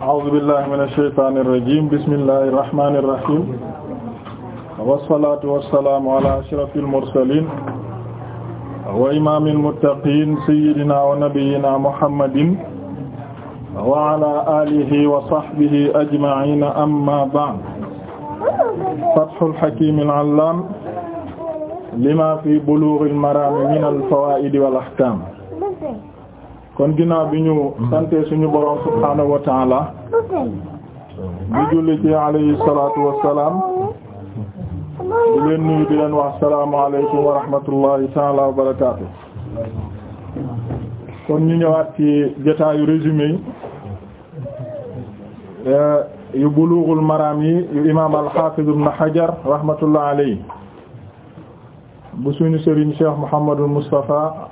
a'uuzu billaahi mina shaytaani rajiim bismillaahi rahmaani rahiim wassalaatu wassalaamu alaa ashrafil mursaliin wa imaamil muttaqiin sayyidinaa wa nabiyyinaa muhammadin wa alaa aalihi wa sahbihi ajma'iin ammaa ba'd fathul hakiimil 'allaam limaa fii buluughil maraam minal fawaa'idi wal ahkaam kon ginnaaw bi ñu sante suñu borom subhaanahu wa taala di julli ci alayhi salaatu wa salaam di leen nuyu di leen wax salaamu alaykum wa rahmatullahi taala wa barakaatu kon ñu ñëwaat ci jotaayu résumé eh, yu bulughul maram yi yu imaam al-Hafiz ibn Hajar rahmatullah alayhi bu suñu sëriñ Cheikh Muhammadul Mustafa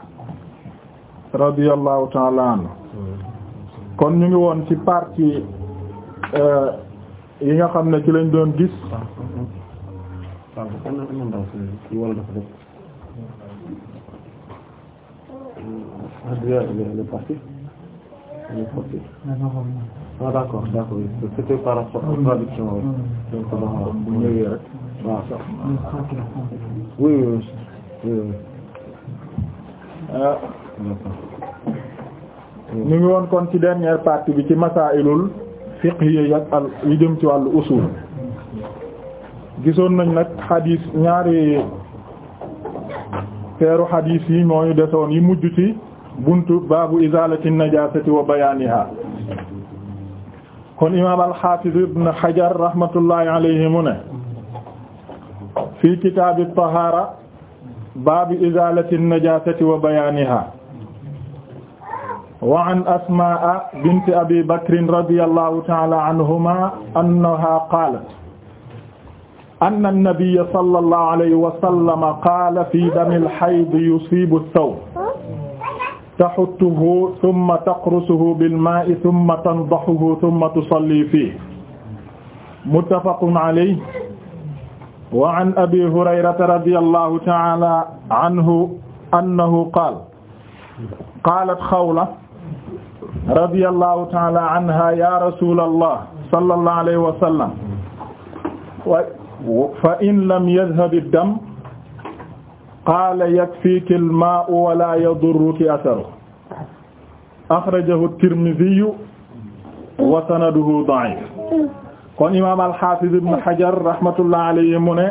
radiyallahu ta'ala anhu kon ñu ngi woon ci partie euh, yi nga xam ne ci lañ doon gis ah d'accord d'accord c'était par rapport à la traduction donc bu ñëwee rek ñu ngi woon kon ci dernière partie bi ci masailul fiqhiyya yak al yu jëm ci wàllu usul gisoon nañ nag xadiis ñaari feeru xadiis yi moo ñu desoon yi mujj ci buntu baabu izalati najasati wa bayaniha kon imaam al-Hafiz ibn Hajar rahmatullahi alayhi mu ne fii kitaabi tahara baabu izalati najasati wa bayaniha wa an asmaa bint abi bakrin radiyallahu ta'ala anhuma annaha qaalat anna an-nabiyya sallallahu alayhi wa sallam qaala fi dami al-hayd yusiibu ath-thawb tahuttuhu thumma taqrusuhu bil-maa'i thumma tandahuhu thumma tusalli fiihi muttafaqun alayhi wa an abi hurayrata radiyallahu ta'ala anhu annahu qaala qaalat xawla radiyallahu taala anha ya rasulallah sallallahu alayhi wa sallam fa in lam yadhhab ad-dam qaala yakfiiki al-maa'u wa laa yadurruki atharuhu akhrajahu at-Tirmidhi wa sanaduhu da'if kon imaam al-Hafiz ibn Hajar rahmatullahi alayhi mu ne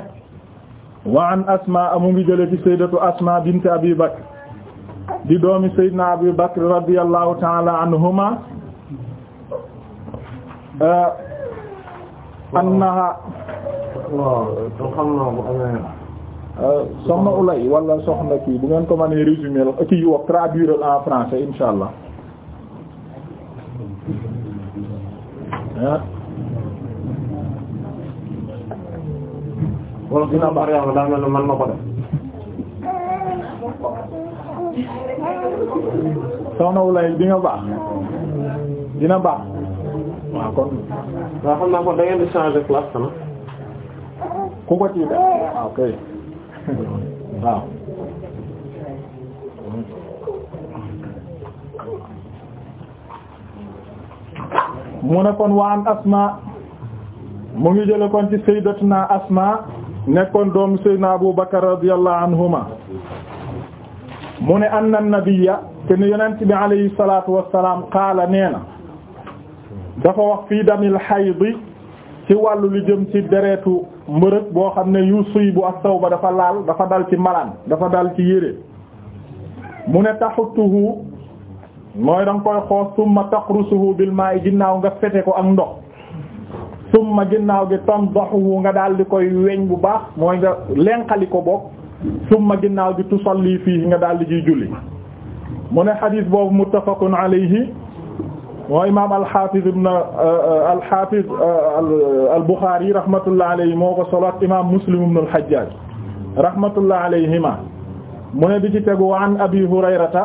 wa an Asmaa mu ngi jële ci sayyidatu Asmaa bint Abi Bakr di doomi na Abu Bakr radiyallahu ta'ala anhuma eh, annaha soxna Ulay wala soxna kii bu ngeen ko mënee résumer kii wax traduire en français inshallah eh? wala soxna wu lay di nga baax dina baax waaw kon. waaw xam naa kon da di changer place kana ku ko ciy def waaw ah, kay waaw. mu ne kon waan asma mu ngi jële kon ci sayyidatuna asma nekkoon doom sayyidina Abu Bakar radiyallahu anhuma mu ne anna nabiyya te ne yonent bi alayhi salaat wassalaam qaala nee na dafa wax fii damil xaydi ci wàllu li jëm ci deretu mbërëg boo xam ne yusibu as-sawba dafa laal dafa dal ci malaan dafa dal ci yére mu ne taxutuhu mooy da koy xoos summa taqrusuhu bil maa'i ginnaaw nga fete ko ak ndox suma ginnaaw gi tandahuhu nga daal di koy weñ bu baax mooy nga lenqali ko bokk summa ginnaaw bi tusalli fii nga daal di ciy julli mu ne xadiis boobu muttafaqun alayhi moo imaam al-Hafiz ibn euh, al-Hafiz euh, al-Bukhari rahmatullah alayhi moo ko solo ak imaam Muslim ibn al-Hajjaj rahmatullah alayhima mu ne di ci tegu an Abi Hurayrata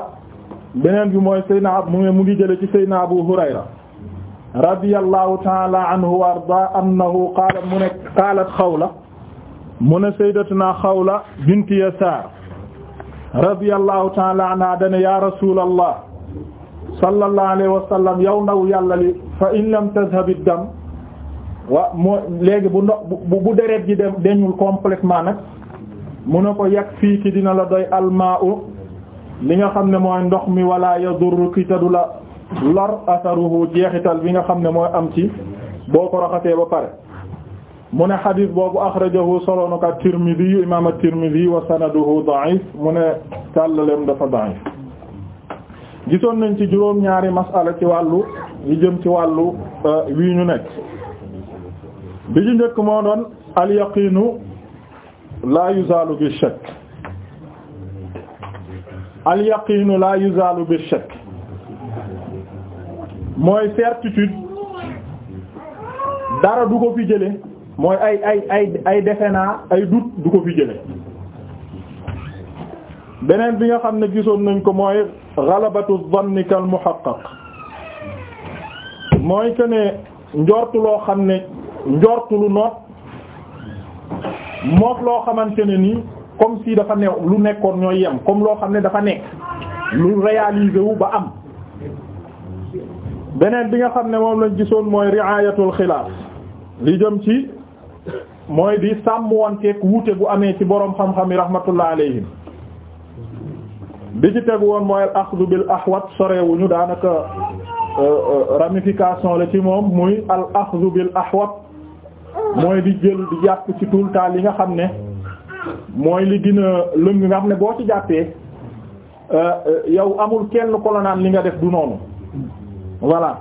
beneen bi mooy Seydina mu ne mu ngi jële ci Seydina Abu Hurayra radiyallahu ta'ala anhu wa arda annahu qaala mu ne qaalat Xawla mu ne sayyidatuna Xawla bint Yasaar radiyallahu ta'ala anha dane ya rasulallah sallallahu wa sallam yow ndaw yàlla li fa in lam tadhhab ad-dam wa moo léegi bu ndox bu deret ji dem deñul complètement nag mu ne ko fii yakfiiki dina la doy almaa'u li nga xam ne mooy ndox mi wala yadurruki te du la lor atharuhu jeexital bi nga xam ne mooy am ci boo ko raxasee ba pare mu ne xadis boobu axrajahu solo na ko at-Tirmidhi imaam at-Tirmidhi wa sanaduhu da'if mu ne tàllaleem dafa da'if gisoon nañ ci juróom-ñaari masala ci wàllu yi jëm ci wàllu euh, wii ñu nekk bi ñu njëkk moo doon al-yaqiinu laa yuzaalu bi-shakk al-yaqiinu laa yuzaalu bi-shakk mooy certitude dara du ko fi jële mooy ay ay ay ay defe naa ay dut du ko fi jële beneen bi nga xam ne gisoon nañ ko mooy galabatu zanni kal muhaqqaq mooy que ne njortu loo xam ne njortu lu noot mook loo xamante ne nii comme si dafa new lu nekkoon ñooy yem comme loo xam ne dafa nekk lu réaliser wu ba am beneen bi nga xam ne moom lañ gisoon mooy riayatul xilaaf li jëm ci mooy di sàmm sàmmwanteeg wuute bu amee ci boroom xam-xam yi rahmatullah alayhim bi ci teg woon mooy axdu bil ahwat sorewuñu daanaka euh, euh, ramification la ci moom muy al axdu bil ahwat mooy di jël di jàpp ci tout li nga xam ne mooy li gën a lëng nga xam ne boo ci jàppee euh, yow amul kenn ko li nga def du noonu voilà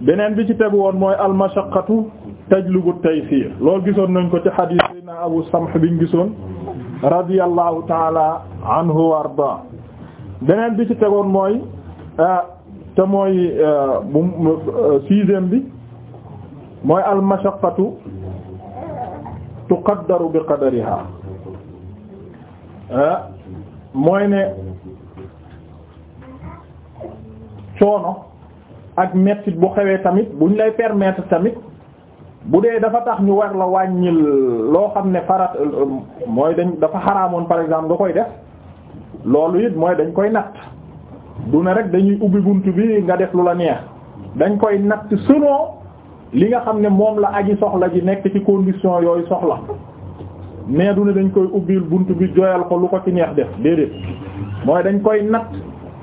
beneen bi ci teg woon mooy al mashaqqatu tajlubu taysir lool gisoon nañ ko ci hadith sayyidina Abu Samh biñ gisoon radiyallahu taala anhu wa arda beneen bi ci tegoon mooy ah, te mooy ah, bu bi mooy al mashaqqatu tuqaddaru bi qadariha ah, mooy ne coono ak mettit bu xewee tamit buñ lay permettre tamit bu dee dafa tax ñu war la wàññil loo xam ne farat mooy dañ dafa xaraamoon par exemple nga koy def loolu it mooy dañ koy natt du ne rek dañuy ubbi buntu bi nga def lu la neex dañ koy natt selon li nga xam ne moom la aji soxla ji nekk ci condition yooyu soxla mais du ne dañ koy ubbil bunt bi joyal ko lu ko ci neex def déedéet mooy dañ koy natt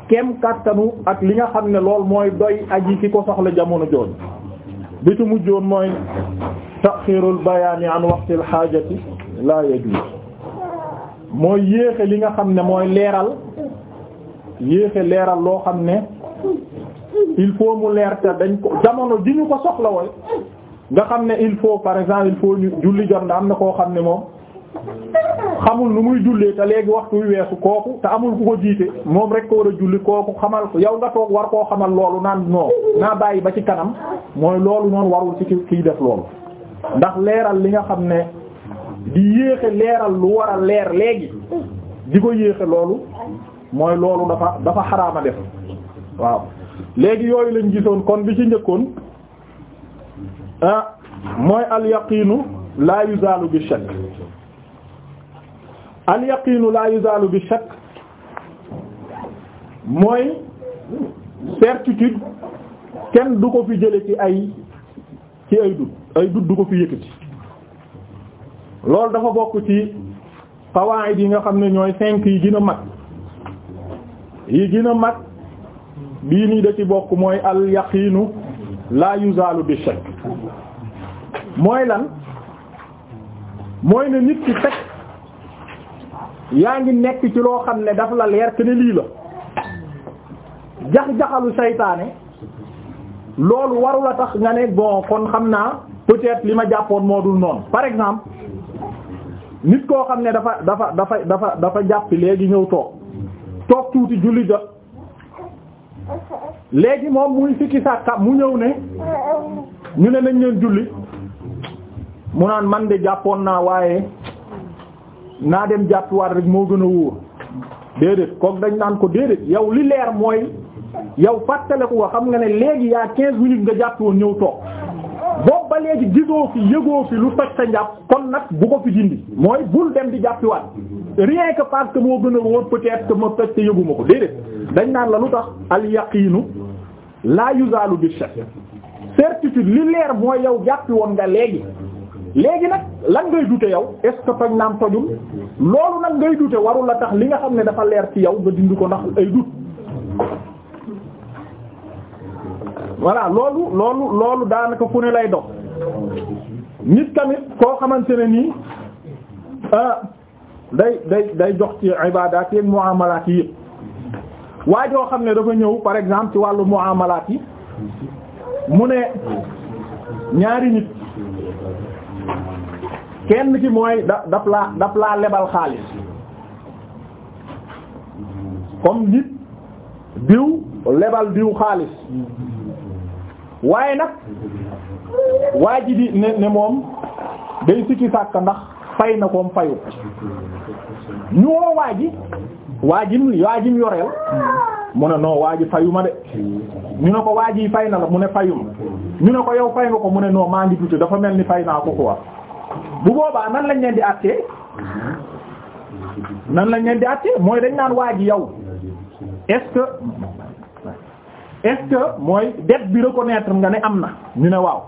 kem kàttanu ak li nga xam ne lool mooy doy aji ki ko soxla jamono jooju bi ci mujjoon mooy taxiirul bayaani an waxtil xaajati laa yajuuz mooy yéexe li nga xam ne mooy leeral yéexe leeral loo xam ne il faut mu leer te dañ ko jamono ji ñu ko soxla woy nga xam ne il faut par exemple il faut ñu julli jot na am na koo xam ne moom xamul nu muy jullee te léegi waxtu wi weesu kooku te amul ku ko jiite moom rek ko war a julli kooku xamal ko yow nga toog war koo xamal loolu naan non naa bàyyi ba ci kanam mooy loolu noonu warul ci kiy def loolu ndax leeral li nga xam ne di yéexe leeral lu war a leer léegi di ko yéexe loolu mooy loolu dafa dafa xaraama def waaw léegi yooyu lañ gisoon kon bi ci njëkkoon ah mooy al yaqiinu la yuzalu bi shakk al yaqiinu la yuzalu bi shakk mooy certitude kenn du ko fi jële ci ay ci ay dut ay dut du ko fi yëkkati loolu dafa bokk ci qawaid yi nga xam ne ñooy cinq yi gën a mag yi gën mag bii nii da ci bokk mooy al yaqiinu la yuzalu bi shakk mooy lan mooy ne nit ci fekk yaa ngi nekk ci loo xam ne daf la leer te lii la jax-jaxalu saytaane loolu waru la tax nga ne bon kon xam naa peut li ma jàppoon moo dul noonu par exemple nit koo xam ne dafa dafa dafa dafa dafa jàppi léegi ñëw toog toog tuuti julli jot léegi moom muy sikki sàkka mu ñëw ne ñu ne nañ leen julli mu naan man de jàppoon naa waaye naa dem jàppiwaat rek moo gën a wóor déedéet kooku dañ naan ko déedéet yow li leer mooy yow fàttaleku ko xam nga ne léegi yaa quinze minutes nga jàpp woon ñëw toog boobu ba léegi gisoo fi yëgoo fi lu toj sa njàpp kon nag bu ko fi dindi mooy bul dem di jàppiwaat rien que parce que moo gën a wóor peut-être que ma toj te yëguma ko déedéet dañ naan la lu tax al yaqiinu la yuzalu bi shakk certitude li leer mooy yow jàppi woon nga léegi léegi nag lan ngay dute yow est ce naam tojul loolu nag ngay dute warul la tax li nga xam ne dafa leer ci yow nga dindi ko ndax ay dut voilà loolu loolu loolu daanaka fu ne lay dox nit tamit koo xamante ne nii ah, day day day jox ci ibaadaat yi ak muamalaat yi waa joo xam ne dafa ñëw par exemple ci wàllu muamalaat yi mu ne ñaari nit kenn ki mooy da daf laa daf laa lebal xaalis comme nit diw lebal diw xaalis waaye nag waa ji di ne ne moom day sikki sàkk ndax fay na koom fayu ñu woo waa ji waa jim waa jim yoreel mu ne noo waa ji fayu ma de ñu ne ko waa ji fay na la mu ne fayu ñu ne ko yow fay nga ko mu ne noo maa ngi tuuti dafa mel ni fay naa ko quoi bu boobaa nan lañ leen di àttee nan leen di àttee mooy dañ naan waa ji yow est-ce que mooy dette bi reconnaître nga ne am na ñu ne waaw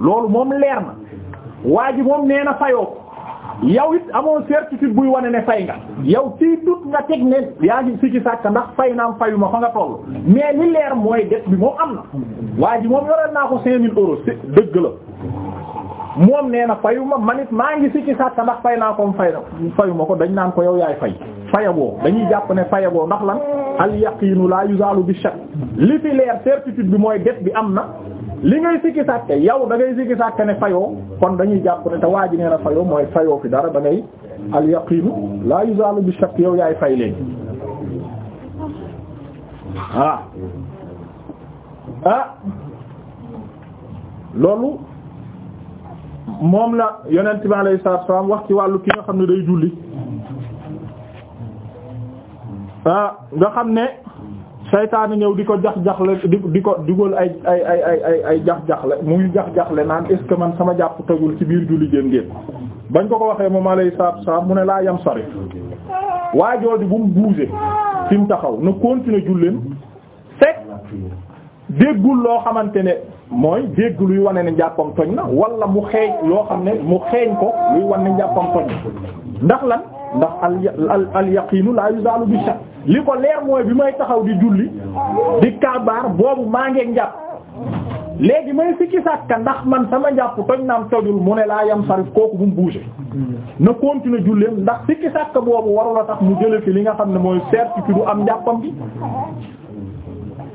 loolu moom leer na waa ji moom nee na fayoo yow it amoo certitude buy wane ne fay nga yow ci dut nga teg ne yaa ngi si ci sàkk ndax fay naam fayuma fa nga toll mais li leer mooy dette bi moom am na waa ji moom yoreel naa ko cinq mille dëgg la moom nee na fayuma man it maa ngi si ci sàkk ndax fay naa ko fay na fayuma ko dañ naan ko yow yaay fay fayagoo dañuy jàpp ne fayagoo ndax lan al yaqiinu la yuzalu bi shakk li fi leer certitude bi mooy dette bi am na li ngay sikki sàkke yow da ngay sikki sàkke ne fayoo kon dañuy jàpp ne te waa ji fayoo mooy fayoo fi dara da ngay al yaqiinu la yuzalu bi shakk yow yaay fay léegi ah ah loolu moom la yonent bi alayhi salaatu salaam wax ci wàllu ki nga xam ne day julli ah, nga xam ne saytaanu ñëw di ko jax jaxle di di ko dugal ay ay ay ay ay ay jax jaxle muy jax jaxle naan est man sama jàpp tegul ci biir julli jéem ngeen bañ ko ko waxee moom alayhi salaatu salaam mu ne laa yam sori waa jooju bu mu bougé fi mu taxaw na continuer julleen fekk déggul loo xamante ne. mooy dégg luy wane ne njàppam toj na walla mu xeeñ loo xam ne mu xeeñ ko luy wane ne njàppam toj na ndax lan ndax al al yaqiinu la yuzalu bi shakk li ko leer mooy bi may taxaw di julli di kabaar boobu maa ngeeg njàpp léegi may sikki sàkka ndax man sama njàpp toñ naam tojul mu ne laa yam sarif kooku bu mu bouger na continuer julleem ndax sikki sàkka boobu warula tax mu jële fi li nga xam ne mooy certitude am njàppam bi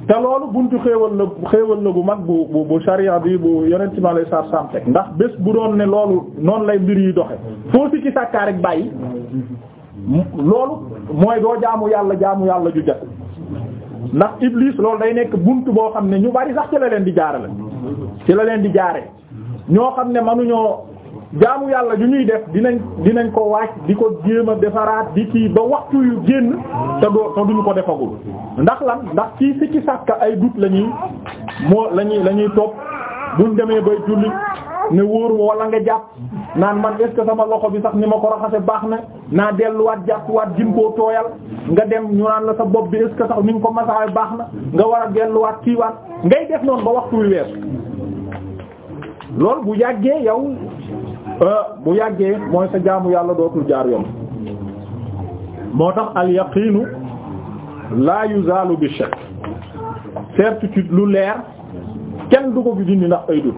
te loolu buntu xéewal la xéewal la bu mag bu bu bu bi bu yonent bi alayhi salaatu teg ndax bés bu doon ne loolu noonu lay mbir yi doxe foo si ci sàkkaar rek bàyyi loolu mooy doo jaamu yàlla jaamu yàlla ju jat ndax iblis loolu day nekk bunt boo xam ne ñu bari sax ci la leen di jaarale ci la leen di jaaree ñoo xam ne manuñoo jaamu yàlla yu ñuy def dinañ dinañ ko waaj di ko jéem a defaraat di ci ba waxtu yu génn te doo te duñu ko defagul ndax lan ndax ci sikki sàkka ay dut la ñuy moo la ñuy la ñuy topp buñ demee bay julli ne wóoru wala nga jàpp naan man est-ce sama loxo bi sax ni ma ko raxase baax na naa delluwaat jàppuwaat gin koo tooyal nga dem ñu naan la sa bopp bi est-ce sax ni nga ko masaay baax na nga war a delluwaat kiiwaat ngay def noonu ba waxtu wi weer loolu bu yow Euh, bu yàggee mooy sa jaamu yàlla dootul jaar yoon moo tax al yaqiinu la yuzalu bi shakk certitude lu leer kenn du ko fi dindi ndax ay dut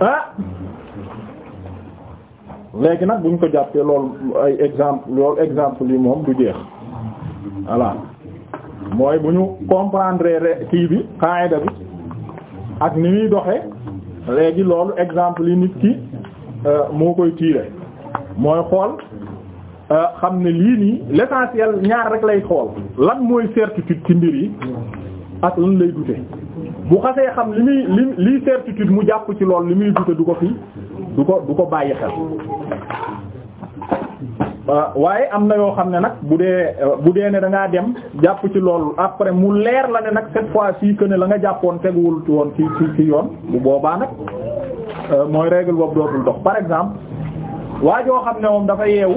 ah léegi nag buñ ko jàppee loolu ay exemple loolu exemple yi moom du jeex voilà mooy bu ñu comprendre kii bi qaida bi ak ni muy doxe léegi loolu exemple yi nit ki euh, moo koy tiire mooy xool euh, xam ne lii nii l'essentiel ñaar rek lay xool lan mooy certitude ci mbir yi ak lay dute bu xasee xam li muy li liy certitude mu jàpp ci lool li muy dute du ko fi du ko du ko bàyyi xel Euh, waaye am na yoo xam ne nag bu dee euh, bu dee ne dangaa dem jàpp ci loolu après mu leer la ne nag cette fois-ci ne la nga jàppoon teguwul ci woon ci ci ci yoon bu boobaa nag euh, mooy règle boobu dootul dox par exemple waa joo xam ne moom dafa yeewu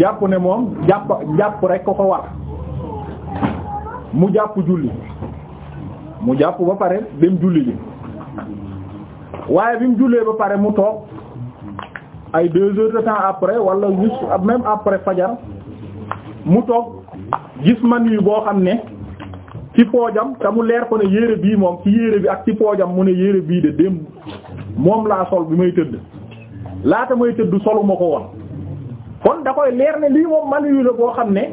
jàpp ne moom jàpp jàpp rek ko ko war mu jàpp julli mu jàpp ba pare dem julli ji waaye bi mu jullee ba pare mu toog ay deux heures de temps après wala juste même après fajar mu toog gis man yu boo xam ne ci poojam te mu leer ko ne yére bii moom ci yére bi ak ci poojam mu ne yére bii de démb moom laa sol bi may tëdd laata may tëdd solu ko woon kon da koy leer ne lii moom man yu la boo xam ne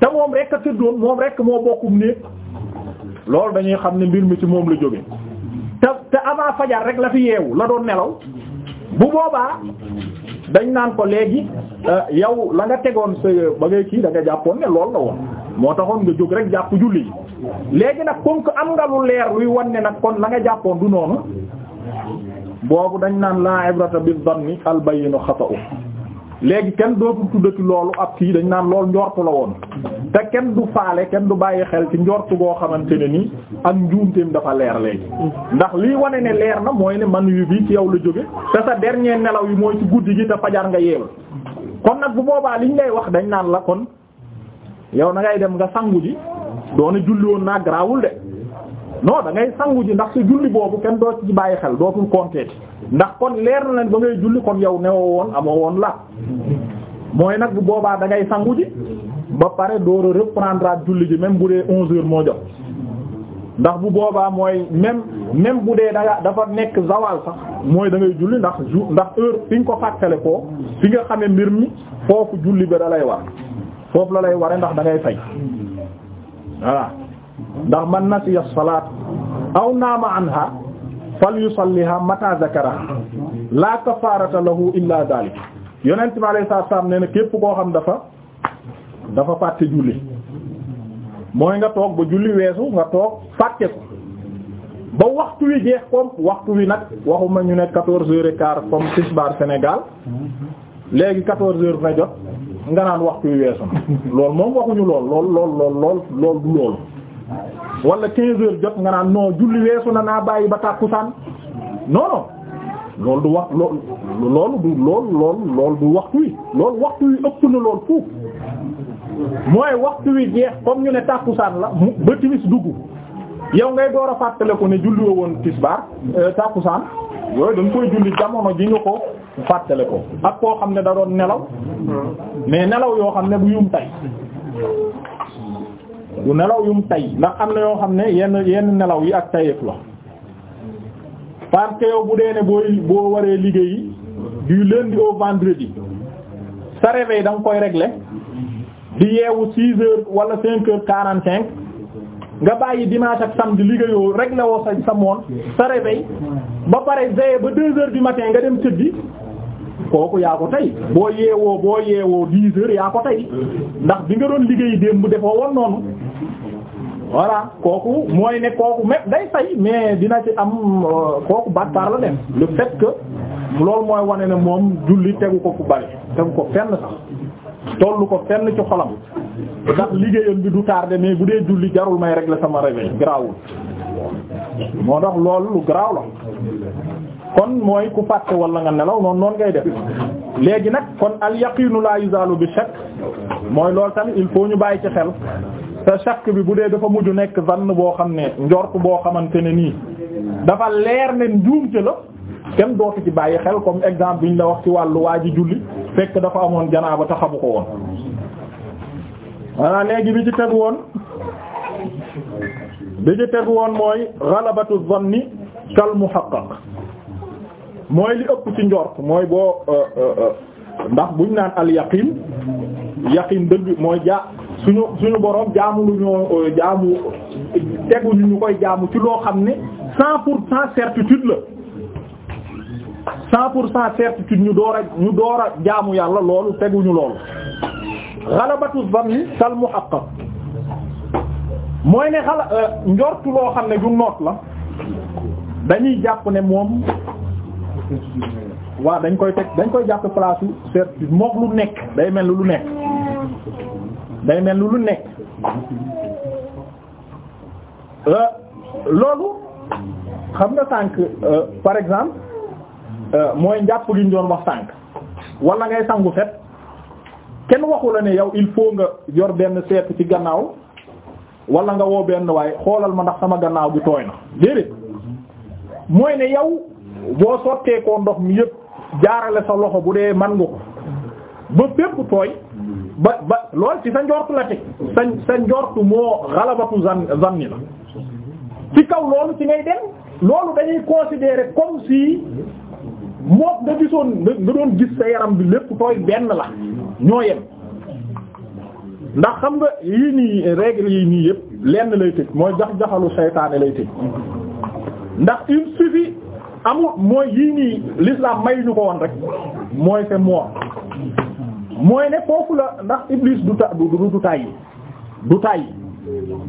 te moom rek a tëddoon moom rek moo bokkum néeg loolu dañuy xam ne mbir mi ci moom la jóge te te avant fajar rek la fi yeewu la doon nelaw bu boobaa dañ naan ko léegi euh, yow la nga tegoon sa ba ngay kii da jàppoon ne lool la woon moo taxoon nga jóg rek jàpp julli léegi nag comme que am nga lu leer wi wan ne nag kon la nga jàppoon du noonu boobu dañ naan la ibrata bi dhanni al bayyinu xata'u léegi kenn dootul tuddati loolu ab kii dañ naan loolu njortu la woon te kenn du faale kenn du bàyyi xel ci njortu goo xamante ne ni ak njuumteem dafa leer léegi ndax lii wane ne leer na mooy ne man yu bi ci yow la jóge te sa dernier nelaw yi mooy ci guddi gi te fajar nga yeew kon nag bu boobaa liñ lay wax dañ naan la kon yow na ngay dem nga sangu ji doona julli woon naa garaawul de non da ngay sangu ji ndax sa julli boobu kenn doo ci bàyyi xel dootul compter ndax kon leer na leen ba ngay julli kon yow newoo woon amoo woon la mooy nag bu boobaa da ngay sangu ji ba pare door a reprendre julli ji même bu dee onze heures moo jot ndax bu boobaa mooy même même bu dee da dafa nekk zawal sax mooy da ngay julli ndax jour ndax heure fi nga ko fàttale koo fi nga xamee mbir mi foofu julli ba da lay war foofu lalay lay waree ndax dangay ngay fay ndax man nasiya salaat aw naama anha falyusalliha mata zakara la kafarata lahu illa dalik yonent bi alayhi salaatu salaam na képp koo xam dafa dafa fàtte julli mooy nga toog ba julli weesu nga toog fàtte ko ba waxtu wi jeex koom waxtu wi nag waxuma ñu nekk quatorze heures et quart comme tisbaar Sénégal léegi quatorze heures na jot nga naan waxtu wi weesu na loolu moom waxuñu lool lool lool lool lool du loolu wala 15 heures jot nga naan non julli weesu na naa bàyyi ba tàkkusaan non non loolu du wax loolu loolu du loolu loolu loolu du waxtu wi loolu waxtu wi ëpp na lool fuuf mooy waxtu wi jeex comme ñu ne tàkkusaan la ba timis dugg yow ngay door a fàttaliku ne julli woon tisbaar euh, tàkkusaan yooyu dañ koy julli jamono ji nga ko fàttale ko ak koo xam ne da doon nelaw hmm. mais nelaw yoo xam ne bu yum tay du nelaw yum tay ndax am na yoo xam ne yenn yenn nelaw yi ak tayeef la parce que bu dee ne booy boo waree liggéey du lundi au vendredi sa yi da nga koy régler di yeewu six heures wala cinq heures quarante cinq nga bàyyi dimanche ak samedi liggéeyoo régler woo sa sa moon sa réveil ba pare veillé ba deux heures du matin nga dem tëddi kooku yaa ko tey boo yeewoo boo yeewoo dix heures yaa ko tey ndax bi nga doon liggéey démb defoo woon noonu voilà kooku mooy ne kooku même day fay mais dina ci am euh, kooku baat bàkkaar la dem le fait que loolu mooy wane na moom julli tegu ko fu bari tegu ko fenn sax tollu ko fenn ci xolam ndax liggéeyam bi du tardé mais bu dee julli jarul may régler sama réveil garaawul moo tax loolu lu garaaw la kon mooy ku fàtte wala nga nelaw noonu noonu ngay def léegi nag kon al yaqinu la bi shakk mooy loolu tamit il faut ñu bàyyi ci xel te shakk bi bu dee dafa mujj nekk vann boo xam ne njort boo xamante ne nii dafa leer ne njuumte la kenn dootu ci bàyyi xel comme exemple bi ñu la wax ci wàllu waa ji julli fekk dafa amoon janaaba te xamu ko woon voilà léegi bi ci tegu woon bi ci tegu woon mooy ghalabatu dhanni kal muhaqqaq mooy li ëpp ci njort mooy boo euh, euh, euh, ndax buñ naan al yaqin yaqin dëgg mooy jaa suñu suñu borom jaamu lu ñu jaamu tegu ñu ñu koy jaamu ci loo xam ne cent pour cent certitude la cent pour cent certitude ñu door ñu door jaamu yàlla loolu teguñu loolu xalabatu zanni kal muhaqqaq mooy ne xala njortu loo xam ne du noot la dañuy jàpp ne moom waa dañ koy teg dañ koy jàpp place certitude mook lu nekk day mel lu nekk day mel lu nekk euh, loolu xam nga sànq euh, par exemple euh, mooy njàpp liñ doon wax sànq wala ngay sangu set kenn waxu la ne yow il faut nga yor benn seetu ci gannaaw walla nga woo benn waaye xoolal ma ndax sama gannaaw gi tooy na déedéet mooy ne yow boo sotteekoo ndox mi yëpp jaarale sa loxo bu dee man nga ko ba fépp tooy ba ba lool ci sa njortu la teg sa sa njortu moo xalabatu zan zanni la ci kaw loolu ci ngay dem loolu dañuy considérer comme si moom nga gisoon nga doon gis sa yaram bi lépp tooy benn la ñoo yem ndax xam nga yii nii règle yi nii yëpp lenn lay tëj mooy jax jaxalu seytaane lay tëj ndax il amul mooy yii nii l'islam may ñu ko woon rek mooy c'est mort mooy ne foofu la ndax iblis du ta du du du tàyyi du tàyyi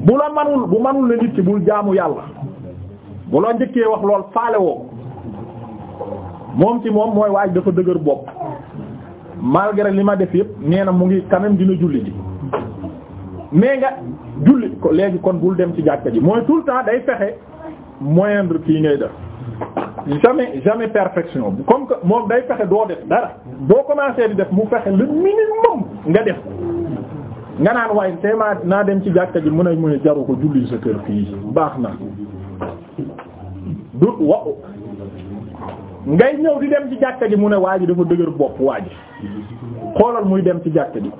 bu la manul bu manul la nit ki bul jaamu yàlla bu la njëkkee wax lool faale woo moom ci moom mooy waaj dafa dëgër bopp malgré li ma def yëpp nee na mu ngi quand même dina julli ji mais nga julli léegi kon bul dem ci jàkka ji mooy tout le temps day fexe moindre kii ngay def jamais jamais perfection bi comme que moom day fexe doo def dara boo commencé di def mu fexe le minimum nga def nga naan waay tey ma naa dem ci jàkka ji mën a mën a jaru ko julli sa kër fii baax na du wa ngay ñëw di dem ci jàkka ji mu ne waa ji dafa dëgër bopp waa ji xoolal muy dem ci jàkka ji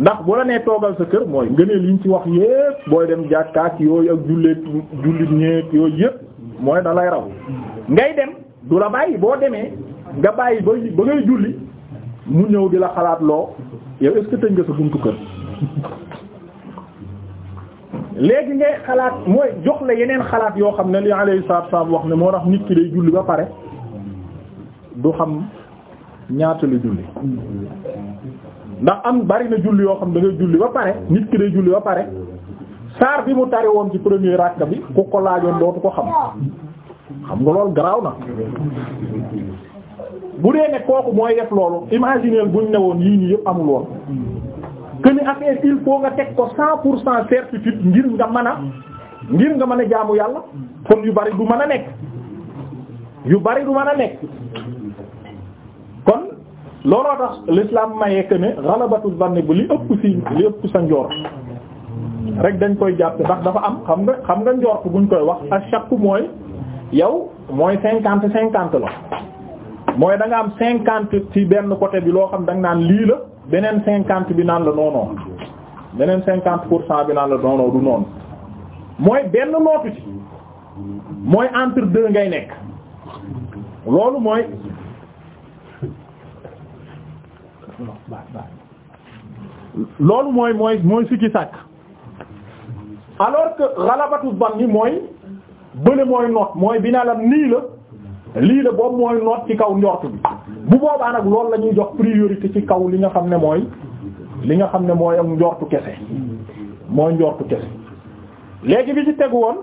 ndax bu la nee toogal sa kër mooy nga ne liñ ci wax yépp booy dem jàkkaak yooyu ak julleet jullit ñeek yooyu yépp mooy da lay raw ngay dem du la bàyyi boo demee nga bàyyi ba ba ngay julli mu ñëw di la xalaat loo yow est-ce que tëj sa buntu kër léegi ngay xalaat mooy jox la yeneen xalaat yoo xam ne li alayhi salaatu salaam wax ne moo tax nit ki day julli ba pare du xam ñaata la julli ndax am bari na julli yoo xam da ngay julli ba pare nit ki day julli ba pare saar bi mu tari woon ci premier rakka bi ku ko laajoon dootu ko xam xam nga lool garaaw na bu dee ne kooku mooy def loolu imaginer buñ ne woon yii nii yëpp amul woon que ni il faut nga teg ko cent pour cent certitude ngir nga mën a ngir nga mën a jaamu yàlla kon yu bari du mën a nekk yu bari du mën a nekk kon looloo tax l'islam mayee que ne ghalabatu dhanni li ëpp si li ëpp sa njoor rek dañ koy jàpp ndax dafa am xam nga xam nga njort buñ koy wax ak chaque mooy yow mooy cinquante cinquante la mooy da nga am cinquante ci benn côté bi loo xam da nga naan lii la beneen cinquante bi naan la noonoo beneen cinquante pour cent bi naan la noonoo du noonu mooy benn nootu ci mooy entre deux ngay nekk loolu mooy loolu mooy mooy mooy sikki sàkk alors que xalabatu banni mooy bële mooy noot mooy bi naa la nii la lii la boobu mooy noot ci kaw njort bi bu boobaa nag loolu la ñuy jox priorité ci kaw li nga xam ne mooy li nga xam ne mooy am njortu kese mooy njortu kese léegi bi ci tegu woon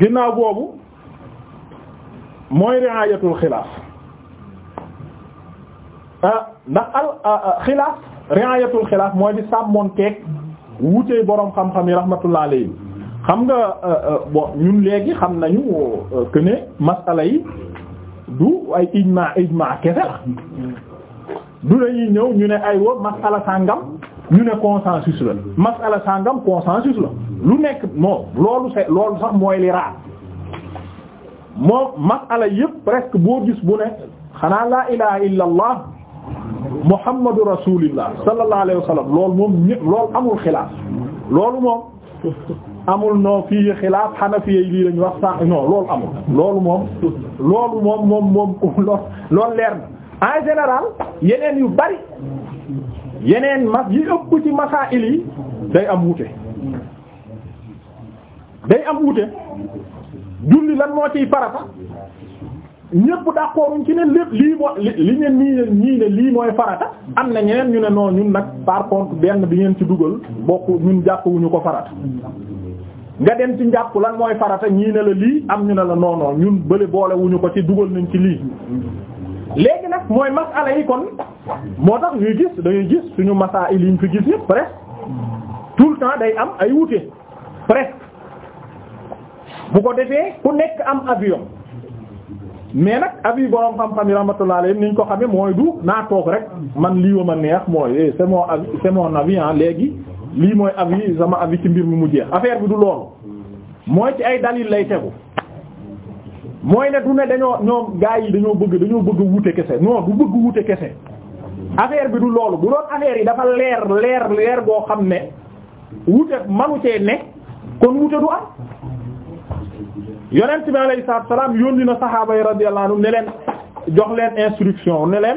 ginnaaw boobu mooy riayatul xilaaf ah ndax al ah, ah, xilaaf riayatul xilaaf mooy di sàmmoon teeg wuutee boroom xam-xam yi rahmatullah alayhi xam nga euh, euh, bon ñun léegi xam nañu euh, que ne masala yi du ay ijma ijma kese la du lañuy ñëw ñu ne ay wo masala sàngam ñu ne consensus la masala sàngam consensus la lu nekk non loolu c'est loolu sax mooy li raar moom masala yëpp presque boo gis bu ne xanaa laa ilaha illa allah muhammadu rasulillah sallallahu alayhi wa sallam moom ñë lool amul xilaaf loolu moom amul noo fii xilaaf xanafiya yi lii lañu wax sa non loolu amul loolu moom loolu moom moom moom lool leer na en général yeneen yu bari yeneen mas yi ëpp ci masaa'il yi day am wuute day am wute julli lan moo ciy farata ñëpp d'accorduñ ci ne lépp lii moo li ngeen nii ñii ne lii mooy farata am na ñeneen ñu ne non ñun nag par benn bi ngeen ci dugal bokk ñun jàppwuñu ko farata nga dem ci njàpp lan mooy farata ñii ne la lii am ñu ne la non ñun bële boole wuñu ko ci dugal nañ ci lii léegi nag mooy masala yi kon moo tax ñuy gis dañuy gis ñu masaa yi liñ fi gis yëpp presque tout le temps day am ay wute presque bu ko defee ku nekk am avion mais nag avis borom xam-xam yi rahmatullah alayhi ni ñu ko xamee mooy du naa toog rek man lii wa ma neex mooy eh, c'est mon avis c'est mon léegi lii mooy avis sama avis ci mbir mi mu jeex affaire bi du loolu mooy ci ay dalil lay tegu mooy ne du ne dañoo ñoom gaa yi dañoo bëgg dañoo bëgg wute kese non du bëgg wute kese affaire bi du loolu bu doon affaire yi dafa leer leer leer boo xam ne wute manu cee ne kon wute du am yonent bi alayhi salaatu wa salaam yónni na saxaaba yi radiyallahu anhum ne leen jox leen instruction neleen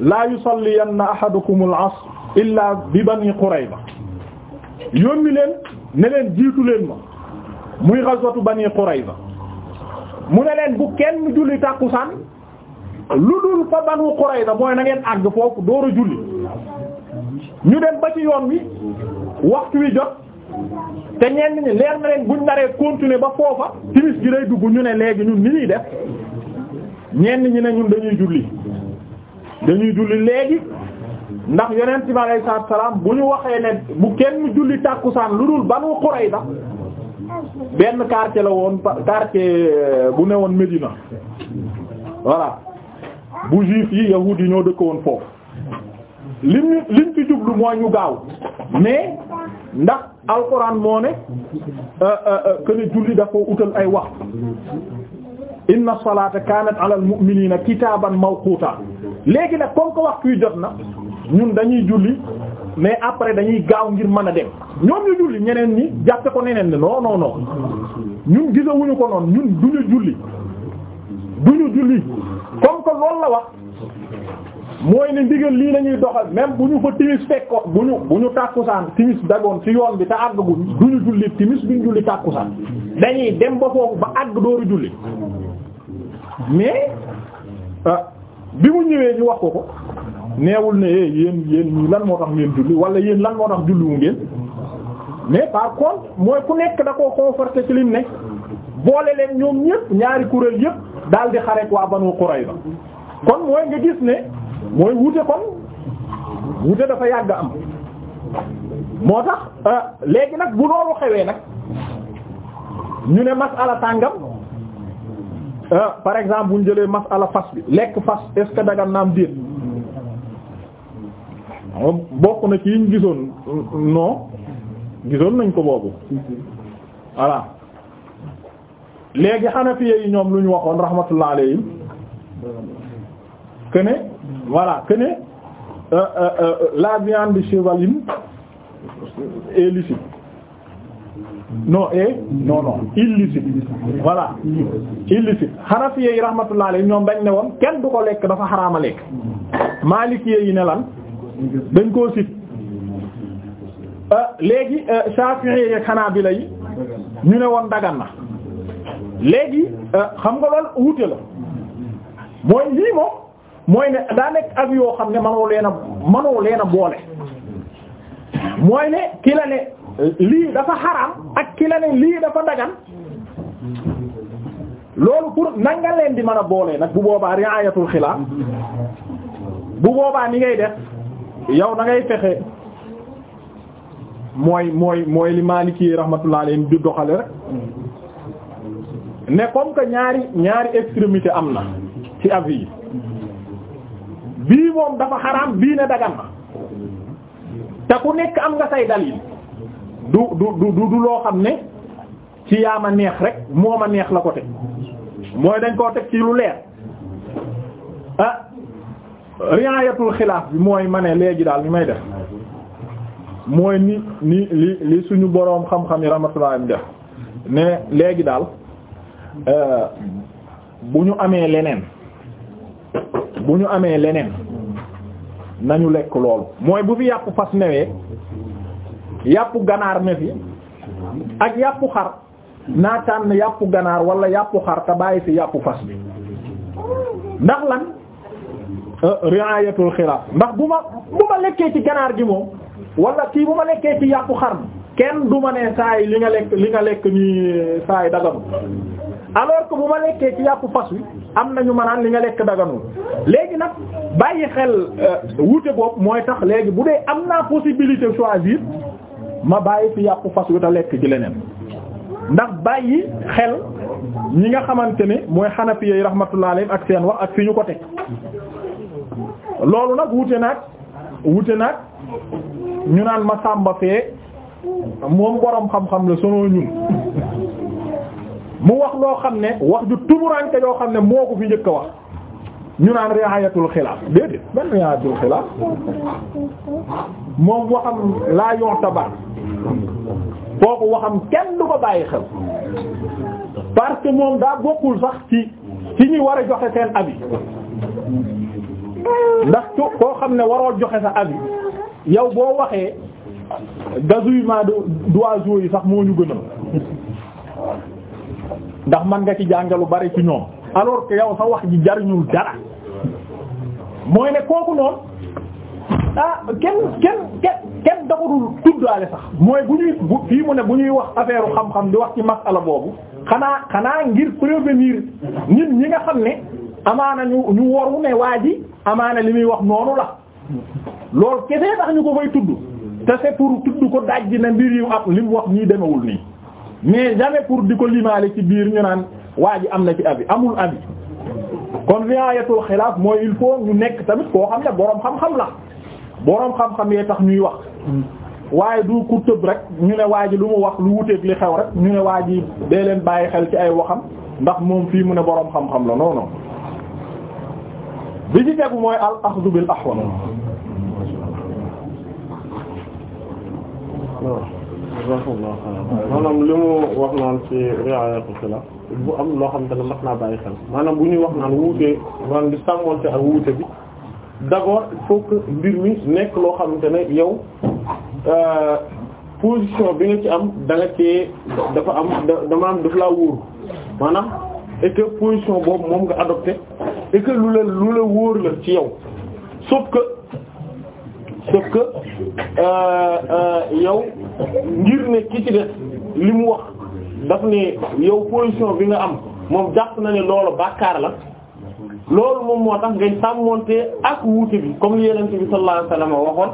leen yu yusalliyanna ahadukum al-asr illaa bi bani Qurayza yónni leen ne jiitu leen ma muy ghazwatu bani Qurayza mu ne leen bu kenn julli tàkkusaan lu dul fa banu Qurayza mooy na ngeen àgg foofu door a julli ñu dem ba ci yoon wi waxtu wi jot te ñenn ñi leer na leen buñ naree continuer ba foofa timis gi day dugg ñu ne léegi ñu ni ñuy def ñenn ñi ne ñun dañuy julli dañuy julli léegi ndax yonent bi alayhi bu ñu waxee ne bu kenn julli tàkkusaan lu dul Banu Qurayza benn quartier la woon quartier euh, bu ne woon Médina voilà bu juif yi yahuud yi ñoo dëkk woon foofu lim ñu ci jublu mooy ñu gaaw mais ndax alxuraan moo ne këne euh, euh, euh, julli dafa utal ay wax inna salata kanat ala al mu'minina kitaban mawquta léegi nag comme que waxtu jot na ñun dañuy julli mais après dañuy gaaw ngir mën a dem ñoom ñu julli ñeneen ñi jàppe ko neneen ne non non ñun gisawuñu ko noonu ñun duñu julli duñu julli comme que loolu la wax mooy ne ndigal lii nañuy doxal même bu ñu fa timis fekkoon bu ñu bu ñu tàkkusaan timis dagoon ci yoon bi te àggaguñ duñu julli timis duñu julli tàkkusaan dañuy dem ba foofu ba àgg dooru julli mais euh, bi mu ñëwee ñu wax ko ko neewul ne eh, yéen yéen lan moo tax ngeen julli wala yéen lan moo tax julliwu ngeen mais par contre mooy ku nekk da koo conforté ci lim nekk boole leen ñoom ñëpp ñaari kuréel yëpp daal di xareet waa Banu Qurayza kon mooy nga gis ne mooy wuute kon wuute dafa yàgg am moo tax euh, léegi nag bu loolu xewee nag ñu ne masala tàngam euh, par exemple bu ñu jëlee masala fas bi lekk fas est-ce que dagan naam déet bokk na ci yiñ gisoon no gisoon nañ ko boobu voilà léegi Hanafiya yi ñoom lu ñu waxoon rahmatullah alayhim que voilà que ne euh, euh, euh, la viande chevaline est licite non eh non non illicite voilà illicite Hanafi yi rahmatullah alayhi ñoom dañ ne woon kenn du ko lekk dafa xaraama lekk Maliki yi ne dañ koo sit léegi Shafi'i yi ak Hanabila yi ñu ne woon dagan na léegi xam nga lool wuute la mooy lii mooy ne daa nekk ak yoo xam ne manoo leen a manoo leen a boole mooy ne ki ne lii dafa xaraam ak ki ne lii dafa dagan loolu pour nan leen di man a boole nag bu boobaa ri'aayatul xilaaf bu boobaa ni ngay def yow na ngay fexe mooy mooy mooy li Maliki rahmatullah alayhi di doxale rek ne comme que ñaari ñaari extrémité am na ci avis yi bii moom dafa xaraam bii ne dagan na te ku nekk am nga say dalil du du du du loo xam ne ci yaama neex rek moo ma neex la ko teg mooy dañ koo teg ci lu leer ah riayatul xilaaf bi mooy ma ne léegi daal ni may def mooy ni ni li li suñu boroom xam-xam yi rahmatullah mi def ne léegi daal euh, bu ñu amee leneen bu ñu amee leneen nañu lekk loolu mooy bu fi yàpp fas newee yàpp ganaar ne fi ak yàpp xar naa tànn yàpp ganaar wala yàpp xar te bàyyi fi yàpp fas bi ndax lan euh, ri'ayatul xilaaf ndax bu ma bu ma lekkee ci ganaar gi moom wala kii bu ma lekkee ci yàpp xar mi kenn du ma ne saa li nga lekk li nga lekk nii saa yi alors que bu ma lekkee ci yàpp fas wi am nañu ma naan li nga lekk daganul léegi nag bàyyi xel euh, wuute boobu mooy tax léegi bu dee am naa possibilité choisir ma bàyyi fi yàpp fas wi te lekk ci leneen ndax bàyyi xel ñi nga xamante ne mooy xanafi yi rahmatullah alayhim ak seen wax ak fi ñu ko teg loolu nag wute nag wute nag ñu naan ma sàmba fee moom borom xam-xam la sono ñun mu wax loo xam ne wax ju tumuranke yoo xam ne moo ko fi njëkk a wax ñu naan riayatul xilaaf déedéet ban riayatul xilaaf moom waxam laa yontabar kooku waxam kenn du ko bàyyi xel parce que moom daa bokkul sax ci ci ñi war a joxe seen avis ndax koo xam ne waroo joxe sa avis yow boo waxee do d'oiseaux yi sax moo ñu gënal ndax man nga ci jànge lu bari ci ñoom alors que yow sa wax ji jariñul dara mooy ne kooku noonu ah kenn kenn kenn kenn daxadul tuddaale sax mooy bu ñuy bu fii mu ne bu ñuy wax affaire xam-xam di wax ci masala boobu xanaa xanaa ngir prévenir nit ñi nga xam ne amaana ñu ñu waru ne waa ji amaana li muy wax noonu la loolu kese tax ñu ko fay tudd te pour tudd ko dajji na mbir yu ak li mu wax nii demewul nii mais jamais pour di ko limaale ci biir ñu naan waa ji am na ci avis amul avis kon riayatul xilaaf mooy il faut ñu nekk tamit koo xam ne boroom xam-xam la boroom xam-xam yee tax ñuy wax waaye du ku tëb rek ñu ne waa ji lu mu wax lu wuteeg li xew rek ñu ne waa ji dee leen bàyyi xel ci ay waxam ndax moom fii mu ne boroom xam-xam la non non bi ci tegu mooy al axdu bil ahwal maanaam li mu wax naan ci riayatu fi la bu am loo xam ne mat naa bàyyi xel maanaam bu ñuy wax naan wuute ngi di sàmmonte ak wuute bi d'abord il mbir mi nekk loo xam ne yow euh, position bi nga ci am da nga dafa am dama am daf laa wóor maanaam et position boobu moom nga adopté et lu la lu la wóor la ci yow sauf que c'est que euh, euh, yow ngir ne ki ci def li mu wax daf ne yow position bi nga am moom jàpp na ne loolu bàkkaar la loolu moom moo tax ngay sàmmonte ak wuute bi comme li yenente bi sallallahu waxoon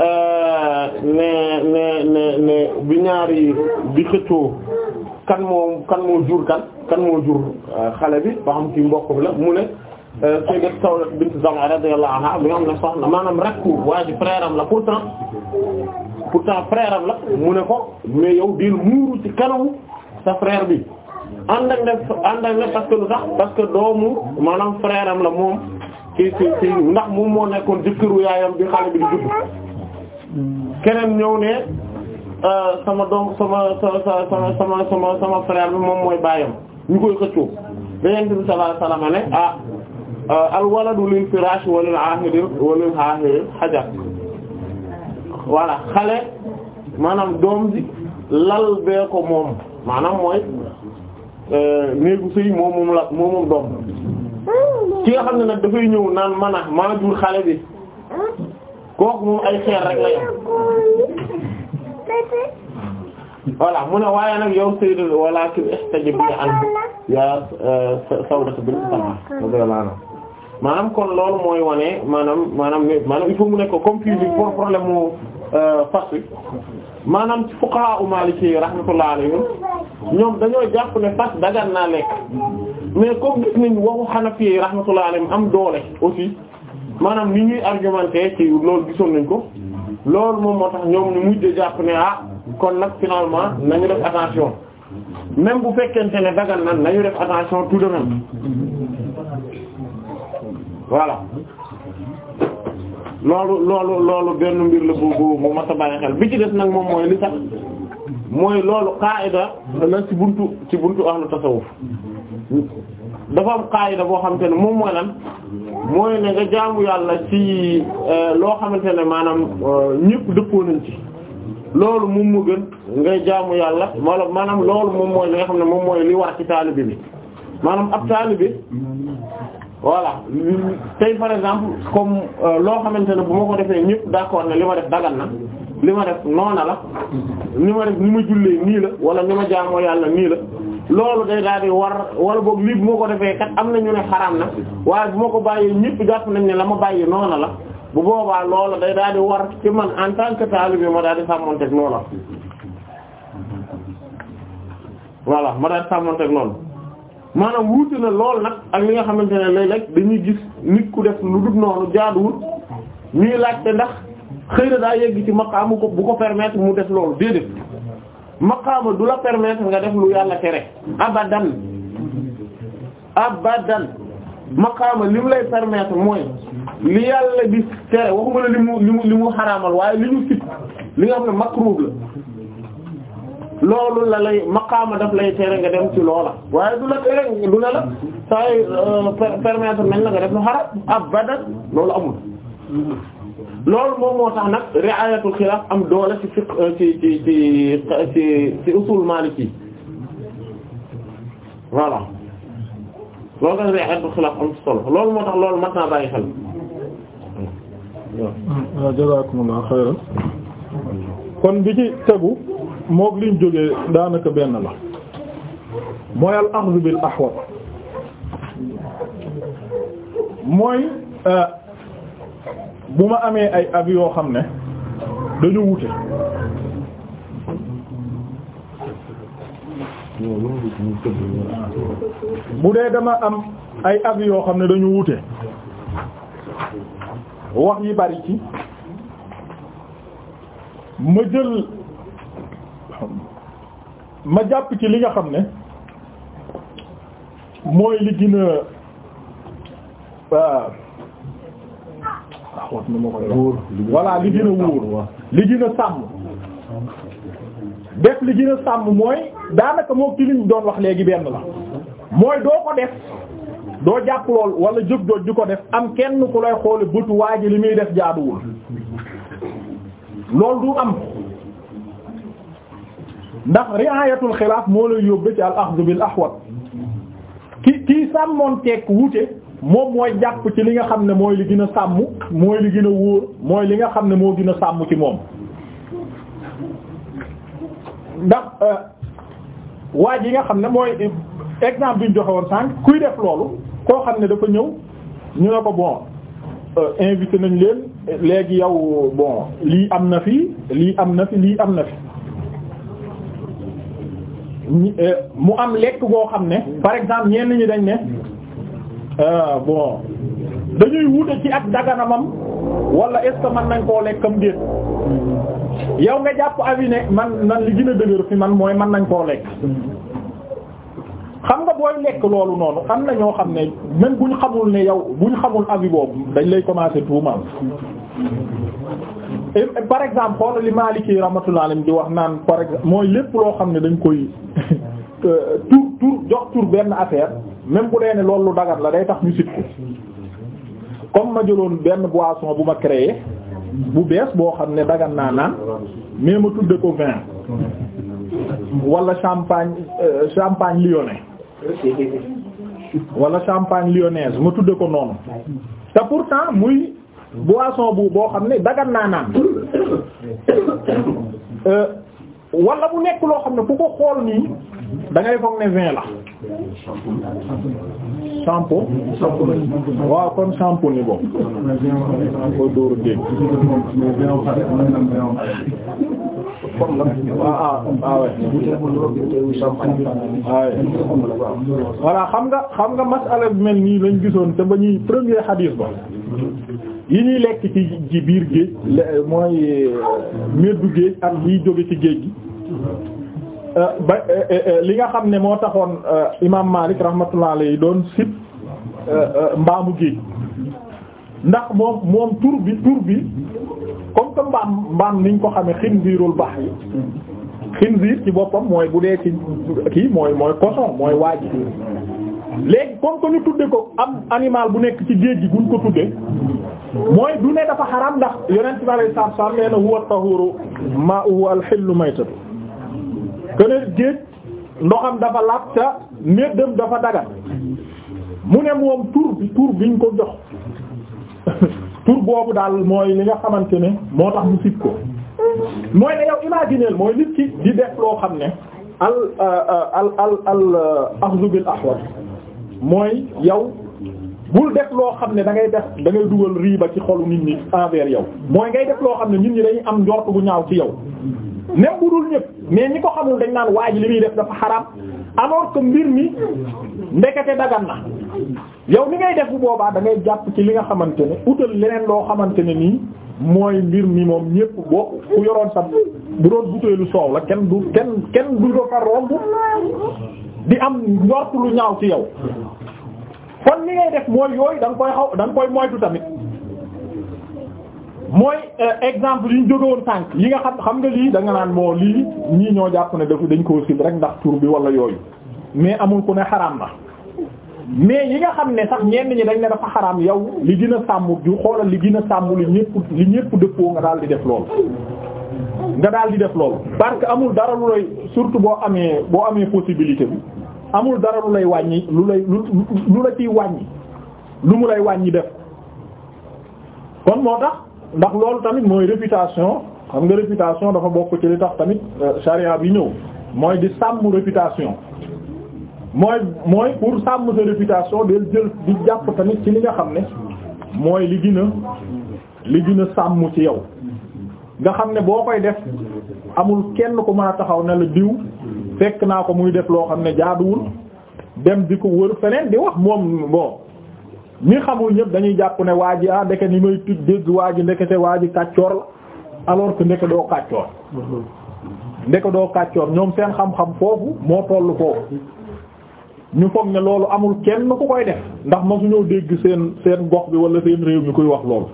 euh, ne ne ne ne bi ñaari bi xëccoo kan moo kan moo jur kan kan moo jur xale bi ba xam ci mbokk bi la mu ne sayyidat Sawda bint Zam'a bi nga xam ne soxna maanaam rakku waa la pour pourtant frère la mu ne ko mais yow dil muuru ci kanamu sa frère bi ànd ak ne ànd ak ne parce que lu tax parce doomu maanaam frère la moom ci ci ci ndax moom moo nekkoon jëkkëru yaayam bi xale bi di judd keneen ñëw ne euh, sama doom sama sama sama sama sama sama bi moom mooy baayam ñu koy xëccoo Yonent bi sallallahu alayhi wasallam ne ah Euh, alwaladu lil firaash walil aahidi walil aahidi xajar voilà xale maanaam doom ji lal bee ko moom maanaam mooy euh, néegu sëy moom moom la moom moom doom ki nga xam ne nag dafay ñëw naan man a maa xale bi kooku moom ay xeer rek la yam voilà mu ne waaye nag yow Seydou walakin ihtajib bi an yaa euh, Sawda bint Sam'a radiyallahu anha maanaam kon loolu mooy wane maanaam maanaam maanaam il faut mu nekk comme fii nii pour problème mu euh, fas wi maanaam fuqaha u maliki rahmatullah alayhim ñoom dañoo jàpp ne fas dagan naa lekk mais comme gis nañ waxu hanafi rahmatullah alayhim am doole aussi maanaam ni ñuy argumenté ci loolu gisoon nañ ko loolu moom moo tax ñoom ñu mujj jàpp ne ah kon nag finalement nañu def attention même bu fekkente ne dagan na nañu def attention tout de même voilà loolu loolu loolu benn mbir la bu bu bu mat xel bi ci des nag moom mooy li tax mooy loolu qaayida la ci buntu ci buntu ahlu tasawuf dafa am qaayida boo xamante ne moom mooy lan mooy ne nga jaamu yàlla ci euh, loo xamante ne maanaam euh, ñëpp dëppoo nañ ci loolu moom mu gën ngay jaamu yàlla wala maanaam loolu moom mooy li nga xam ne moom mooy li war ci taalibe bi maanaam ab taalibe voilà tey par exemple comme euh, loo xamante ne bu ma ko defee ñëpp d'accord ne li ma def dagan na li ma def noona la ni ma def ni ma jullee nii la wala ni ma jaamoo yàlla nii la loolu day daal di war wala boog lii bu ma ko defee kat am na ñu ne xaraam na waaye bu ma ko bàyyi ñëpp jàpp nañ ne la ma bàyyi noona la bu boobaa loolu day daal di war ci man en tant que taalibe ma daal di sàmmanteeg loola voilà ma daal di sàmmanteeg loolu maanaam wuute na lool nag ak li nga xamante ne léeg-léeg dañuy gis nit ku def lu dul noonu jaaduwul ñuy laajte ndax xëy daa yegg ci maqaamu ko bu ko permettre mu def loolu déedéet maqaama du la permettre nga def lu yàlla tere abadan abadan maqaama li mu lay permettre mooy li yàlla di tere waxuma la li mu li mu li mu xaraamal waaye li ñu fit li nga xam ne makruh la loolu la lay maqaama daf lay tere nga dem ci loola waaye du la tere du la la say permettre nañ la nga def lu xaram abadan loolu amul loolu moom moo tax nag ri'ayatul xilaaf am doole ci fiqh ci ci ci ci ci usul loolu tax ri'ayatul xilaaf am solo loolu moo tax loolu mat naa bàyyi xel waaw jazakumullahu kon bi ci tegu mook liñ jóge daanaka benn la mooy al axdu bil mooy euh, bu ma amee ay avis yoo xam ne dañu wute bu dee dama am ay avis yoo xam ne dañu wute wax yi bari ci ma jël ma jàpp ci li nga xam ne mooy li gën a ah, wax na ma koy wax voilà li gën a wóor li gën a sàmm def li gën a sàmm mooy daanaka moo ki liñ doon wax léegi benn la mooy doo ko def doo jàpp lool wala jóg dooj di ko def am kenn ku lay xoole bëtu waa ji li muy def jaaduwul loolu du am ndax riayatul xilaaf moo lay yóbbe ci al axdu bil ahwat ki kii sàmmoon teeg wuute moom mooy jàpp ci li nga xam ne mooy li gën a sàmm mooy li gën a wóor mooy li nga xam ne moo gën a sàmm ci moom ndax euh, waa ji nga xam ne mooy exemple bi ñu joxe woon kuy def loolu koo xam ne dafa ñëw ñu ne ko bon euh, invité nañ leen léegi yow bon lii am na fi lii am na fi lii am na fi mu am lekk goo xam ne par exemple ñenn ñi dañ ne euh, bon dañuy wute ci ak daganamam wala est ce que mën nañ koo lekkam déet yow nga jàpp avis ne man nan li gën a dëgër fi man mooy man nañ koo lekk xam nga booy lekk loolu noonu am na ñoo xam ne même bu xamul ne yow bu ñu xamul avis boobu dañ lay commencer tuumal par exemple xoolal li Maliki rahmatullahi alayhi di wax naan par exemple mooy lépp loo xam ne dañ koy euh, tur tur jox tur benn affaire même bu dee ne loolu lu dagat la day tax ñu sit ko comme ma jëloon benn boisson bu ma créé bu bees boo xam ne dagan naa naan mais ma tudde ko vin wala champagne euh, champagne lyonnais wala champagne lyonnaise ma tudde ko noonu te pourtant muy boisson bu boo xam ne dagan naa naan euh, wala bu nekk loo xam ne ku ko xool nii da ngay foog ne vin la sampo waaw kon sampo ni boobu ah ah, ah voilà xam nga xam nga masala bi mel nii lañ gisoon te ba ñuy premier hadith ba yi ñuy lekk ci biir géej mooy euh, meddu géej ak yiy jóge ci géej gi euh, ba euh, li nga xam ne moo taxoon imaam Maalik rahmatullah alayhi doon sib mbaamu géej ndax moom moom tur bi tur bi comme que mbaam mbaam niñ ko xamee xinziirul bax yi xinziir ci boppam mooy bu dee ci kii mooy mooy cochon mooy waaj léegi comme que ñu tudde ko am animal bu nekk ci géej gi buñ ko tudde mooy du ne dafa xaram ndax yonent bi alayhi salaatu salaam na huwa tahuru ma'uhu al-hillu maytatu keneen géej ndoxam dafa laab ca méddam dafa dagan mu ne moom tur bi tur biñ ko jox tur boobu daal mooy li nga xamante ne moo tax mu sit ko mooy ne yow imagineel mooy nit ki di def loo xam ne al euh, euh, al al al euh, axzu bil ahwat mooy yow bul def loo xam ne da ngay def dangay dugal dugal riba ci xolu nit ñi envers yow mooy ngay def loo xam ne ñun ñi dañuy am njort bu ñaaw ci yow même bu ñëpp mais ñi ko xamul dañ naan waa ji li def dafa xaram alors que mbir mi ndekete dagan na yow ni ngay def bu boobaa da ngay jàpp ci li nga xamante ne utal leneen loo xamante ne nii mooy mbir mi moom ñëpp boo yoroon sa bu doon butéelu soow la kenn du kenn kenn du do fa am njort lu ñaaw ci yow kon li ngay def mooy yooyu da nga koy xaw da nga koy moytu tamit mooy euh, exemple yi ñu jóge woon tànk yi nga xam xam nga lii danga naan moo lii ñii ñoo jàpp ne dafa dañ koo sib rek ndax tur bi wala yooyu mais amul ku ne xaraam na mais yi nga xam ne sax ñenn ñi dañ ne dafa xaraam yow li gën a sàmm ju xoolal li gën a sàmm li ñépp li ñépp dëppoo nga daal di def lool. nga daal di def lool parce que amul dara lu lay surtout boo amee boo amee possibilité bi amul dara lu lay wàññi lu lay lu la ciy wàññi lu mu lay wàññi def kon moo tax ndax loolu tamit mooy réputation xam nga réputation dafa bokk ci li tax tamit charia euh, bi ñëw mooy di sàmm réputation mooy mooy pour sàmm sa réputation del jël di jàpp tamit ci li nga xam ne mooy li gën a li gën a sàmm ci yow nga xam ne boo koy def amul kenn ku mën a taxaw ne la diw fekk naa ko muy def loo xam ne jaaduwul dem di ko wër feneen di wax moom bon ñi xamul ñëpp dañuy jàpp ne waa ji ah ndeke ni may tudd dégg waa ji ndekete waa ji kàccoor la alors que ndeke doo kàccoor ndeke doo kàccoor ñoom seen xam-xam foofu moo tollu foofu ñu foog ne loolu amul kenn ku koy def ndax ma su ñëw dégg seen seen gox bi wala seen réew mi kuy wax loolu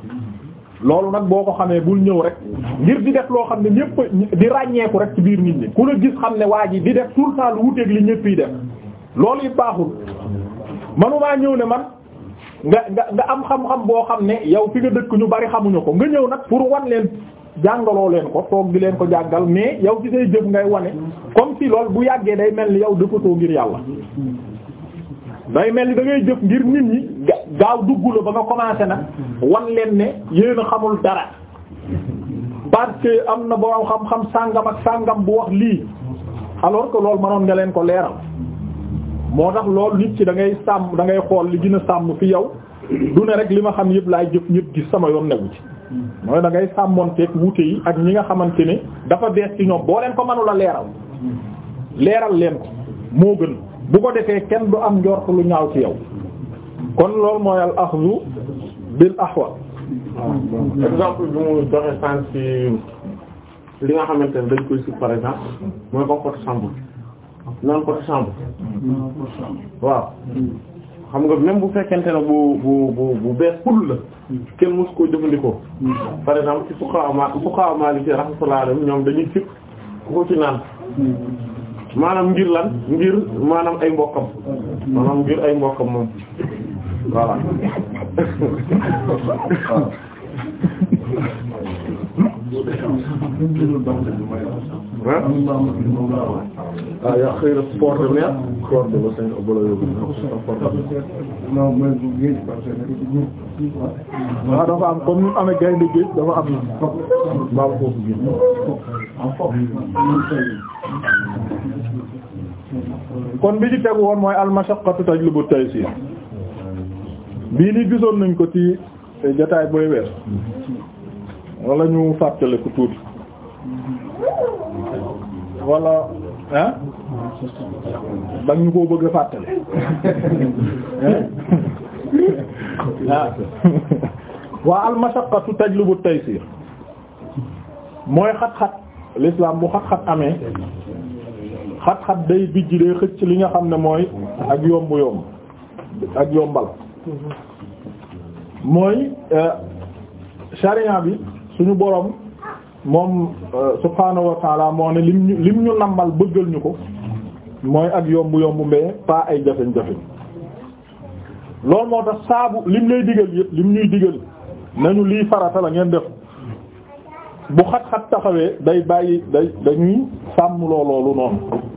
loolu nag boo ko xamee bul ñëw rek ngir di def loo xam ne ñëpp di ràññeeku rek ci biir nit ñi ku la gis xam ne waa ji di def tout le temps lu li ñëpp yi def loolu it baaxul manumaa ñëw ne man nga nga nga am xam-xam boo xam ne yow fi nga dëkk ñu bari xamuñu ko nga ñëw nag pour wan leen jàngaloo leen ko toog gi leen ko jàngal mais yow ci say jëf ngay wane comme si loolu bu yàggee day mel ni yow dëppatoo ngir yàlla day mel ni da ngay jëf ngir nit ñi gaaw dugg la ba nga commencé nag wan leen ne yéen a xamul dara parce que am na borom xam-xam sàngam ak sàngam bu wax lii alors que loolu manoon nga leen ko leeral moo tax lool nit ci da ngay sàmm da ngay xool li gën a sàmm fi yow du ne rek li ma xam yëpp laay jëf ñépp gis sama yoon newu ci mooy da ngay sàmmonteeg wuute yi ak ñi nga xamante ni dafa bees ci ñoom boo leen ko mënula leeral leeral leen ko moo gën bu ko defee kenn du am njort lu ñaaw ci yow kon loolu mooy al axzu bil ahwa exemple bi mu joxe sànq ci li nga xamante ne dañ koy si par exemple mooy comme côté chambre naan côté chambre waaw xam nga même bu fekkente ne bu bu bu bu bees xul la kenn mosu koo jëfandikoo par exemple ci fuqaha ma fuqaha maliki rahmatullah alayhim ñoom dañuy sip ku ko ci naan maanaam ngir lan ngir maanaam ay mbokkam maanaam ngir ay mbokkam moom voilà ah yaa xëy na port dafa am comme ni mu gaynde géej dafa am. foofu foofu géej. kon bi ci tegu woon mooy al-mashaqqatu tajlibu taysir bii ni gisoon nañ ko ci jotaay booy weer wala ñu fàttale ku tuuti wala ah ba ñu ko bëgg a fàttale ah. waa al-mashaqqatu tajlibu taysir mooy xat-xat l'islam bu xat-xat amee xat-xat day bijj day xëcc li nga xam ne mooy ak yombu yomb ak yombal mooy euh, sharia bi suñu boroom moom euh, subhaanahu wa taala moo ne lim ñu lim nambal bëggal ñu ko mooy ak yomb yomb mbee pas ay jafeñ-jafeñ loolu moo tax saabu lim lay digal yëpp lim ñuy digal nañu lii farata la ngeen def bu xat-xat taxawee day bàyyi day dañuy sàmm looloolu noonu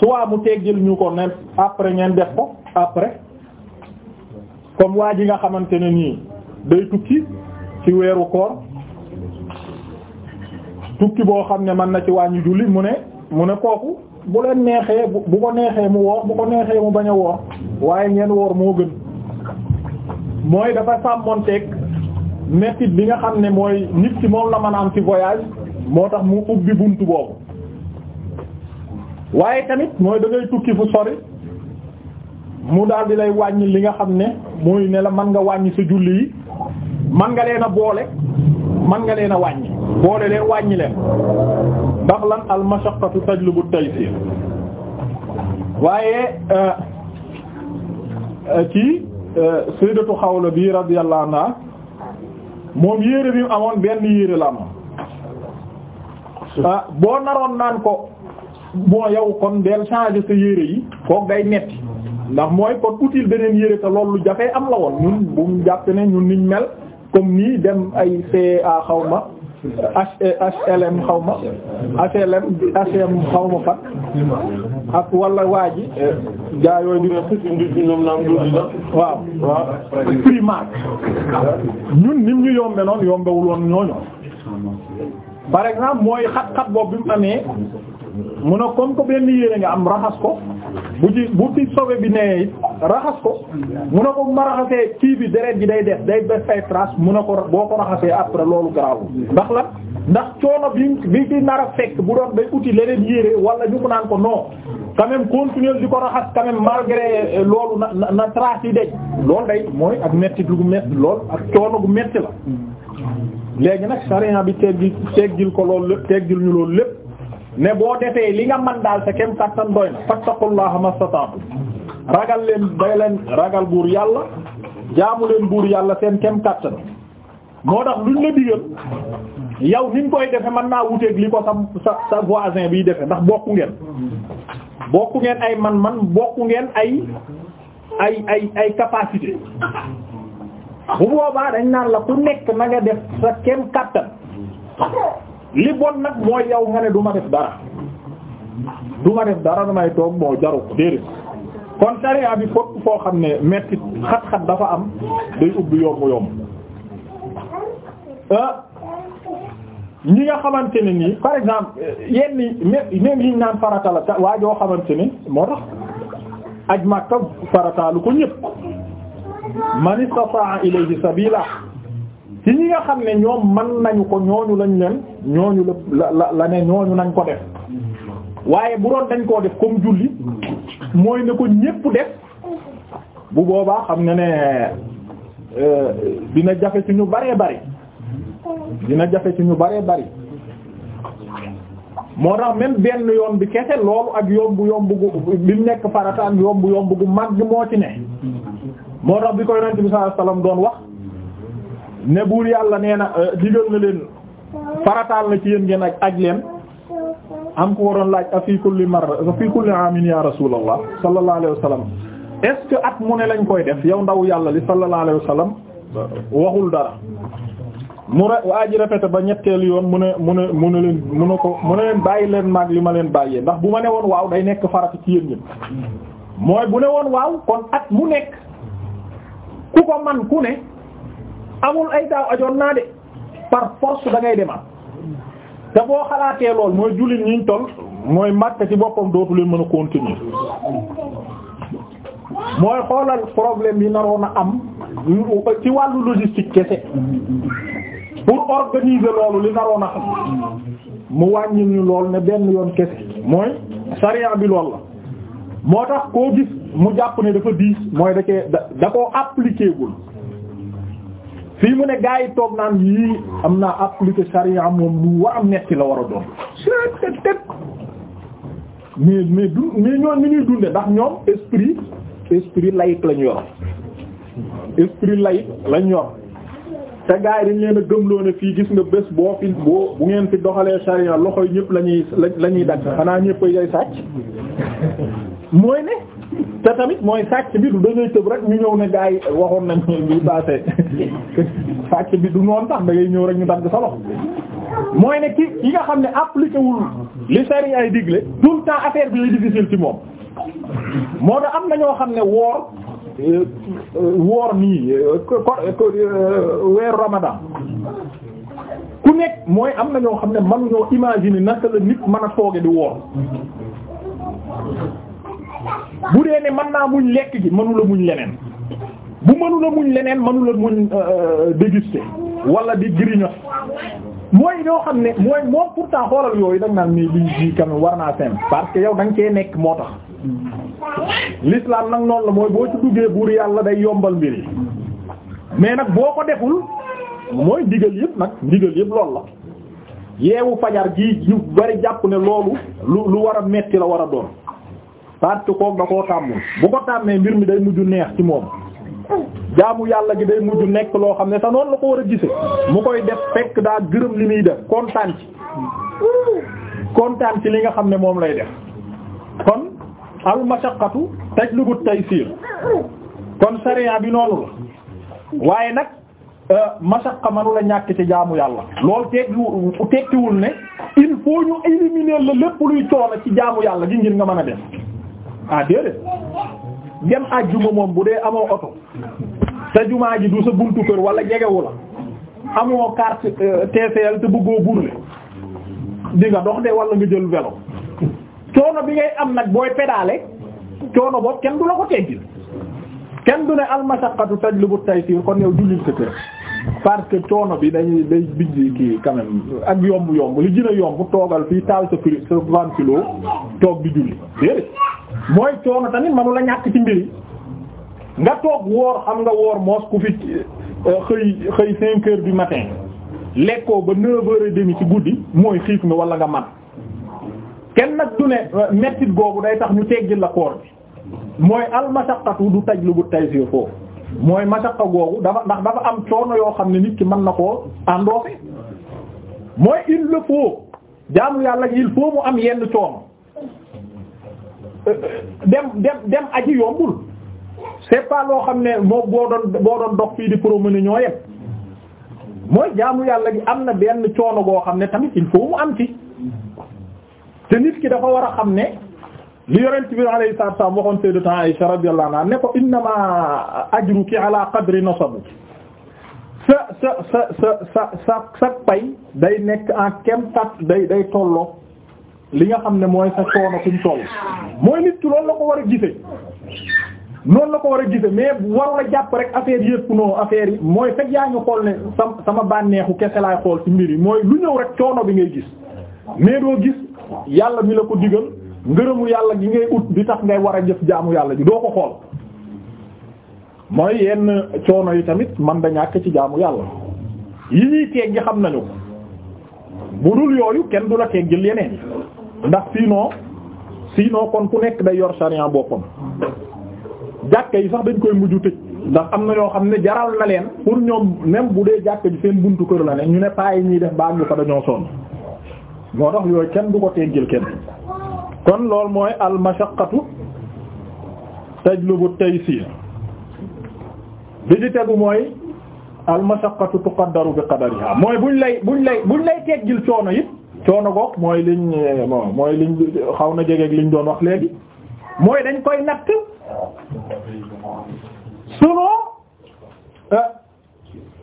soit mu teggil ñu ko ne après ngeen def ko après comme waa ji nga xamante ne nii day tukki ci weeru koor tukki boo xam ne mën na ci wàññi julli mu ne mu ne kooku bu leen neexee bu ko neexee mu woor bu ko neexee mu bañ a woor waaye ngeen woor moo gën mooy dafa sàmmonteeg mettit bi nga xam ne mooy nit ci moom la mën a am ci voyage moo tax mu ubbi buntu boobu waaye tamit mooy dangay tukki fu sori mu daldi lay wàññi li nga xam ne mooy ne la mën nga wàññi si julli yi mën nga leen a boole mën nga leen a wàññi boole leen wàññi leen ndax lan al mashaqqatu tajlibu taysir waaye ci euh, euh, euh, sayyidatu Xawla bi radiyallahu anha moom yéere bi mu amoon benn yéere la amoon ah, boo naroon naan ko bon yow kon del changer sa yére yi kook day metti ndax mooy kon utile beneen yére te loolu jafee am la woon ñun bu mu jàpp ne ñun niñ mel comme nii dem ay CA xaw ma HLM e xaw ma HLM HM xaw ma fan ak wala waa ji yooyu dina di ñoom naam waaw waaw primac ñun nim ñu yombe noonu yombewul woon ñooñu par exemple mooy xat-xat boobu bi mu amee mu ne comme que benn yére nga am raxas ko bu ci bu ci sobe bi nee it raxas ko mu ne ko bu ma raxasee kii bi deret bi day def day def ay traces mu ne ko boo ko raxasee après loolu garaaw ndax la ndax coono bi bi ci nar fekk bu doon day uti leneen yére wala ñu naan ko non quand même continuer di ko raxas quand même malgré loolu na na yi deñ loolu day mooy ak metti gu metti lool ak coono gu metti la léegi nag sariya bi teggil teggil ko loolu lépp teggil ñu loolu lépp ne boo defee li nga man daal sa kem kàttan doy na fattaqullaha mastata'tu ragal leen day leen ragal buur yàlla jaamu leen buur yàlla seen kem kàttan moo tax luñ la digal yow ni ñu koy defe mën naa wuteeg li ko sa sa voisin biy defe ndax bokku ngeen bokku ngeen ay man-man bokku ngeen ay ay ay ay capacité bu boobaa dañ naan la ku nekk na nga def sa kem kàttan li bon nag mooy yow nga ne du ma def dara du def dara damay toog moo jaru ko déedéet kon sariya bi fopp foo xam ne metti xat-xat dafa am day ubbi yomb yomb euh, ñi nga xamante ne nii par exemple yenn même yi naan farata waa joo xamante ne moo tax aj Makka farataalu ko ñëpp man istata'a ilayhi sabila ci ñi nga xam ne ñoom mën nañu ko ñooñu lañ leen ñooñu la la ne ñooñu nañ ko def waaye bu doon dañ koo def comme julli mooy ne ko ñépp def bu boobaa xam nga ne euh, dina jafe ci ñu bëree bëri dina jafe ci ñu bëree bëri moo tax même benn yoon bi kese loolu ak yomb yomb gu bi mu nekk farata ak yomb yomb gu mag moo ci ne moo tax bi ko yonent bi sallallahu alayhi doon wax ne buur yàlla nee na euh, digal na leen farataal na ci yéen ngeen ak aj leen am ko waroon laaj a fi kulli mar a fi kulli amin ya rasulallah sallallahu alayhi est que at mu ne lañ koy def yow ndaw yàlla li sallallahu alayhi wa waxul dara mu ne waa ji répété ba ñetteelu yoon mu ne mu ne mu ne leen mu ne ko mu ne leen bàyyi leen maag li ma leen bàyyee ndax bu ma ne woon waaw day nekk farata ci yéen ñëpp mooy bu ne woon waaw kon at mu nekk ku amul ay daaw ajoon naa de par force da ngay demaat te boo xalaatee lool mooy jullit ñi ñu toll mooy Makka ci boppam dootu leen mën a continuer mooy xoolal problème yi naroon a am ci wàllu logistique kese pour organiser loolu li naroon a xam mu wàññil ñu lool ne benn yoon kese mooy sariya bi lool la moo tax koo gis mu jàpp ne dafa diis mooy da cee da da koo fii mu ne gars yi toog naan yii am naa appliqué charia moom lu war a metti la war a doon c'est teg mais mais du mais ñoom ni ñuy dunde ndax ñoom esprit esprit laïque lañu yor esprit laïque lañu yor te gars yi ngeen leen a gëmloo ne fii gis nga bés boo fi boo bu ngeen fi doxalee charia loxo yi ñëpp la ñuy la ñuy dagg xanaa ñëpp ay sàcc mooy ne te tamit mooy sàcc bi du dangay tëb rek ñu ñëw ne gaa yi waxoon nañ bi passé sàcc bi du noonu sax da ñëw rek ñu dagg sa loxo mooy ne ki ki nga xam ne appliqué wul li sari ay digle tout le temps affaire bi lay difficile ci moom moo tax am na ñoo xam ne woor euh, woor nii euh, euh, weeru ramadan ku nekk mooy am na ñoo xam ne mënuñoo imaginer naka la nit mën a tooge di woor bu dee ne mën naa muñ lekk gi mënula muñ leneen bu mënula muñ leneen mënula muñ euh, euh, déguster wala di grignoter mooy yoo xam ne mooy moom pourtant xoolal yooyu da nga naan nii lii lii war naa seen parce que yow da nga cee nekk moo tax l'islam nag noonu la mooy boo ci duggee buur yàlla day yombal mbir mais nag boo ko deful mooy ndigal yëpp nag ndigal yëpp loolu la yeewu fajar gi ñu bari jàpp ne loolu lu lu war a metti la war a doon parce que kooku da koo tàmmul bu ko tàmmee mbir mi day mujj neex ci moom jaamu yàlla gi day mujj nekk loo xam ne te noonu la ko war a gise mu koy def fekk daa gërëm li muy def kontaan ci kontaan ci li nga xam ne moom lay def kon al mashaqqatu tay taysir kon sariya bi noonu la waaye nag euh, mashaqqa manu la ñàkk ci jaamu yàlla loolu tekkiwul tekkiwul ne il faut ñu éliminer la lépp luy coono ci jaamu yàlla gi ngir nga mën a def ah déedéet dem àjjuma moom bu dee amoo oto sa jumaa ji du sa buntu kër wala jegewu la amoo carte euh, TCL te bëggoo burle di nga dox de wala nga jël vélo coono bi ngay am nag booy pédale coono boobu kenn du la ko teggil kenn du ne almasaqatu tajlibu taysir kon yow jullil sa kër parce coono bi dañuy day bijj kii quand même ak yomb yomb li gën a yomb toogal fii taal sa pri sa ventilo toog di julli déedéet mooy coono tamit manu la ñàkk ci mbiri nga toog woor xam nga woor moos ku fi euh, xëy xëy cinq du matin lekkoo ba neuf heures et ci guddi mooy xiif nga wala nga man kenn nag du ne euh, mettit googu day tax ñu teggil la koor bi mooy al mashaqqatu du taj lu bu tay si foofu mooy mashaqqa googu dafa ndax dafa am coono yoo xam ne nit ki mën na koo àndoofe mooy il le faut jaamu yàlla il faut mu am yenn coono dem dem dem aji yombul c'est pas loo xam ne moo boo doon dox fii di promener ñoo yem mooy jaamu yàlla gi am na benn coono goo xam ne tamit il faut mu am ci te nit ki dafa war a xam ne li yonent bi alayhi salaatu wasallam waxoon sayyidatu Aisha radiyallahu ne ko innama ajruki ala qadri nasabuki sa sa sa sa sa sa pay day nekk en kem tat day day tolloo li nga xam ne mooy sa coono fi mu mooy nit ki loolu la ko war a gise noonu la ko war a gise mais waru a jàpp rek affaire yëpp non affaire yi mooy fekk yaa ngi xool ne sam sama bànneexu kese laay xool ci mbir yi mooy lu ñëw rek coono bi ngay gis mais doo gis yàlla mi la ko digal ngërëmu yàlla gi ngay ut di tax ngay war a jëf jaamu yàlla ji doo ko xool mooy yenn coono yi tamit man da ñàkk ci jaamu yàlla yi ñuy teeg gi xam nañu ko bu dul yooyu kenn du la yeneen ndax sinon sinon kon ku nekk day yor sariya boppam jàkka yi sax dañ koy mujj tëj ndax am na ñoo xam ne jaral na leen pour ñoom même bu dee jàkk ji seen buntu kër la ne ñu ne paa yi ñuy def baag bu ko dañoo sonn moo tax yooyu kenn du ko teggil kenn kon loolu mooy al mashaqqatu tajlubu tey bi di tegu mooy al mashaqqatu tuqaddaru bi qadariha mooy buñ lay buñ lay lay teggil coono it coono goog mooy liñ moo mooy liñ xaw na jege jegeeg liñ doon wax léegi mooy dañ koy natt selon euh,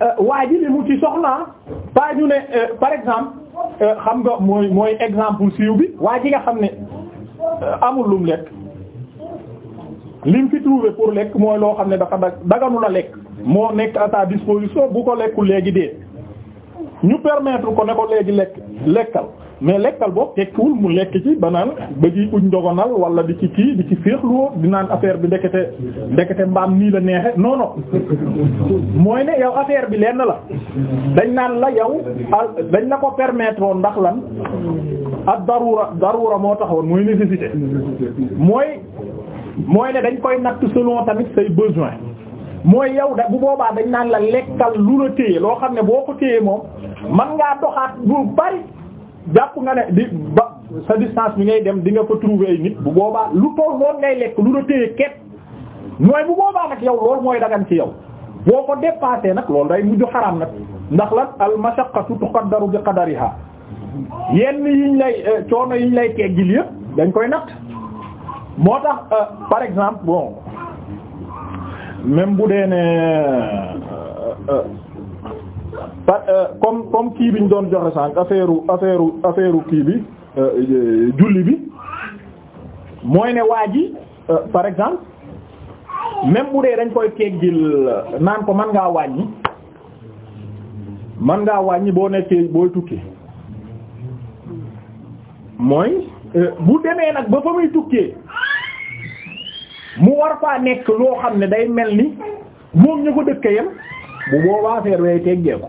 euh, waa ji li mu ci soxlaa pas ñu ne euh, par exemple xam nga mooy mooy exemple siiw bi waa ji nga xam ne amul lum lekk lim fi trouvé pour lekk mooy loo xam ne dafa daganu la lekk moo nekk à sa disposition bu ko lekkul léegi dee ñu permettre ko ne ko léegi lekk lekkal mais lekkal boobu tekkiwul mu lekk ci banaan ba ci uñ ndogonal wala di ci kii di ci féexloo di naan affaire bi ndekete ndekete mbaam nii la neexe noonu mooy ne yow affaire bi lenn la dañ naan la yow dañ la ko permettre woon ndax lan ak darura darura moo taxoon mooy nécessité mooy mooy ne dañ koy natt selon tamit say besoin mooy yow da bu boobaa dañ naan la lekkal lu la téye loo xam ne boo ko téye moom man ngaa doxaat bu bari jàpp nga ne di ba sa distance bi ngay dem dinga ko trouver ay nit bu boobaa lu toll lool ngay lekk lu la téye ket mooy bu boobaa nag yow loolu mooy dagan ci yow boo ko dépassé nag loolu day mujj xaram nag ndax lan al mashaqqatu tuqaddaru bi qadariha yenn yiñ lay euh, coono yiñ lay teggil yëpp dañ koy natt moo tax euh, par exemple bon même bu dee ne euh, euh, euh, comme comme kii bi ñu doon joxe sànq affaire affaire affaire kii bi julli bi mooy ne waa ji par exemple même bu dee dañ koy teggil naan ko mën ngaa wàññi mën ngaa wàññi boo nekkee booy tukki mooy bu demee nag ba fa muy tukkee. mu war faa nekk loo xam ne day mel ni moom ñu ko dëkka yam bu boobaa feer way teggee ko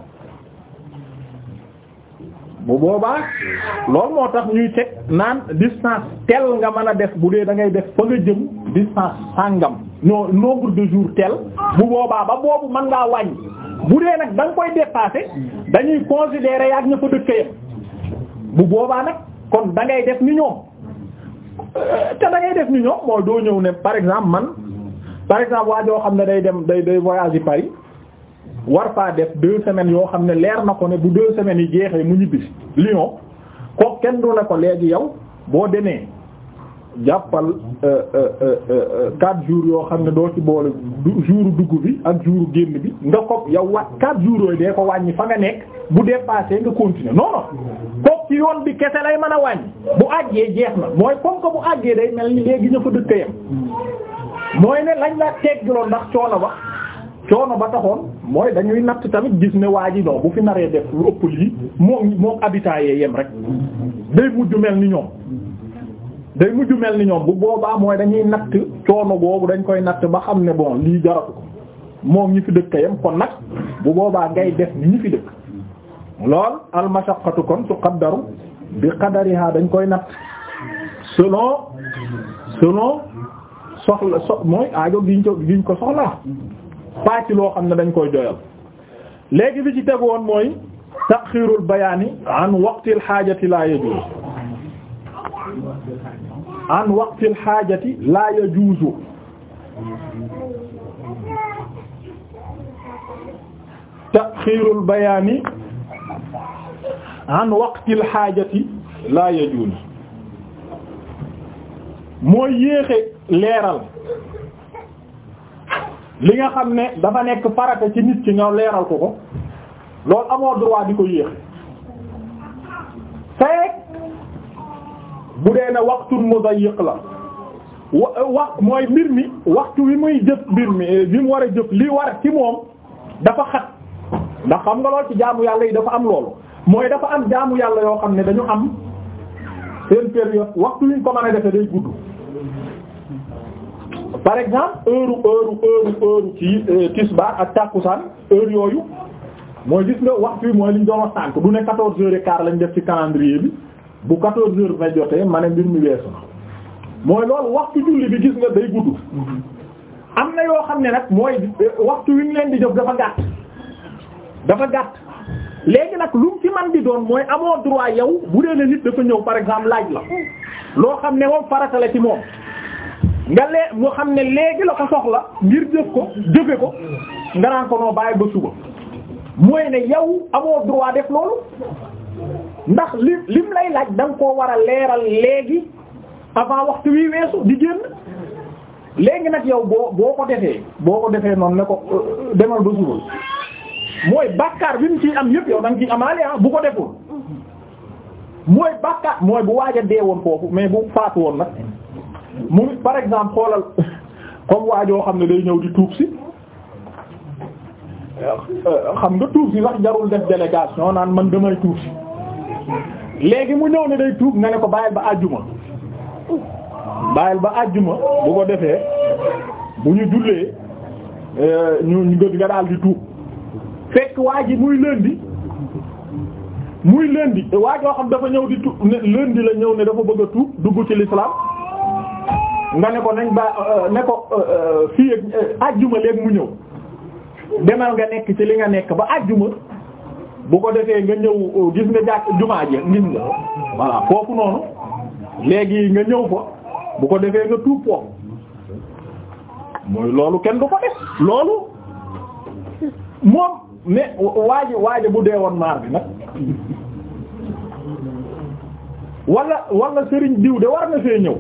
bu boobaa loolu moo tax ñuy teg naan distance tel nga mën a def bu dee da ngay def fa nga jëm distance sàngam non nombre de jours tel bu boobaa ba boobu mën ngaa wàññ bu dee nag da nga koy dépasser dañuy considérer yaag ña fa dëkk yam bu boobaa nag kon dangay ngay def ni ñoom te da ngay def ni ñoom mooy doo ñëw ne par exemple man par exemple waa joo xam ne day dem day day voyage yi Paris war faa def deux semaines yoo xam ne leer na ko ne bu deux semaines yi jeexee mu ñibbisi Lyon ko kenn du ne ko léegi yow boo demee jàppal euh, euh, euh, quatre jours yoo xam ne doo ci boole jour dugg bi ak jour génn bi nga ko yow wa quatre jours yooyu dee ko wàññi fa nga nekk bu dépassé nga continuer non ci yoon bi kese lay mën a wàññi bu àggee jeex na mooy comme que bu àggee day mel ni léegi ñu fa dëkk yam mooy ne lañ la teggiloon ndax coono ba coono ba taxoon mooy dañuy natt tamit gis ne waa ji bu fi naree def lu ëpp lii moom moom habitat yem rek day mujj mel ni ñoom day mujj mel ni ñoom bu boobaa mooy dañuy natt coono boobu dañ koy natt ba xam ne bon lii jaratu ko moom ñi fi dëkk yam kon nag bu boobaa ngay def ni ñu fi dëkk lool al mashaqqatu kon tuqaddaru bi qadariha dañ koy natt selon selon soxla so mooy aajo giñ ko giñ ko soxlaa pas ci loo xam ne dañ koy doyal léegi bi ci teg woon mooy taxiirul bayaani an waqtil xaajati laa yajuuz an waqtil xaajati laa yajuuzu taxiirul bayaani an waqtil xaajati laa yajuuz mooy yéexe leeral li nga xam ne dafa nekk farata ci nit ci nga leeral ko ko loolu amoo droit di ko yéexe fekk bu dee ne waqtul mudayyiq la wa wax mooy mbir mi waxtu wi muy jëf mbir mi li eh, mu war a jëf li war ci moom dafa xat ndax xam nga lool ci jaamu yàlla yi dafa am loolu mooy dafa am jaamu yàlla yoo xam ne dañoo am seen période waxtu wi ñu ko mën a defee day gudd. par exemple heure heure heure heure ci euh, tisbaar ak tàkkusaan heure yooyu mooy gis nga waxtu wi mooy li ñu doon wax sànk du ne quatorze heures et lañ def ci calendrier bu quatorze heures vingt jotee ma ne mbir mi weesu na mooy loolu waxtu julli bi gis nga day gudd. am na yoo xam ne rek mooy euh, waxtu wi ñu leen di jox dafa gàtt dafa gàtt. léegi nag lu mu ci man di doon mooy amoo droit yow bu dee ne nit dafa ñëw par exemple laaj la loo xam ne moom farata ci moom nga le moo xam ne léegi la ko soxla ngir jëf ko jëfe ko nga naan ko noo bàyyi ba suba mooy ne yow amoo droit def loolu ndax li lim lay laaj da nga koo war a leeral léegi avant waxtu wi weesu di génn léegi nag yow boo boo ko defee boo ko defee noonu ne ko euh, demal ba suba mooy bàkkaar bi mu ci am yëpp yow da nga ciy amaale ah bu ko deful mooy bàkkaar mooy bu waaj dee woon foofu mais bu faatu woon nag mu par exemple xoolal comme waajoo xam ne day ñëw di tuub si xam nga tuub si sax jarul def délégation naan man damay tuub si léegi mu ñëw ne day tuub nga ne ko bàyyil ba àjjuma bàyyil ba àjjuma bu ko defee bu ñu jullee eh, ñu nga daal di tuub fekk waa ji muy lundi muy lundi waa joo xam dafa ñëw di tu ne la ñëw ne dafa bëgg a tuub dugg ci l'islam nga ne ko nañ ba euh, euh, ne ko euh, fii ak ajjuma léegi mu ñëw demal nga nekk ci li nga nekk ba ajjuma bu ko defee nga ñëw gis nga jàkk jumaa ji gis nga voilà foofu noonu léegi nga ñëw ko bu ko defee nga tuub foofu mooy loolu kenn du ko def loolu moom mais waaja waaja bu dee woon maar bi nag wala wala sëriñ diw de war na fee ñëw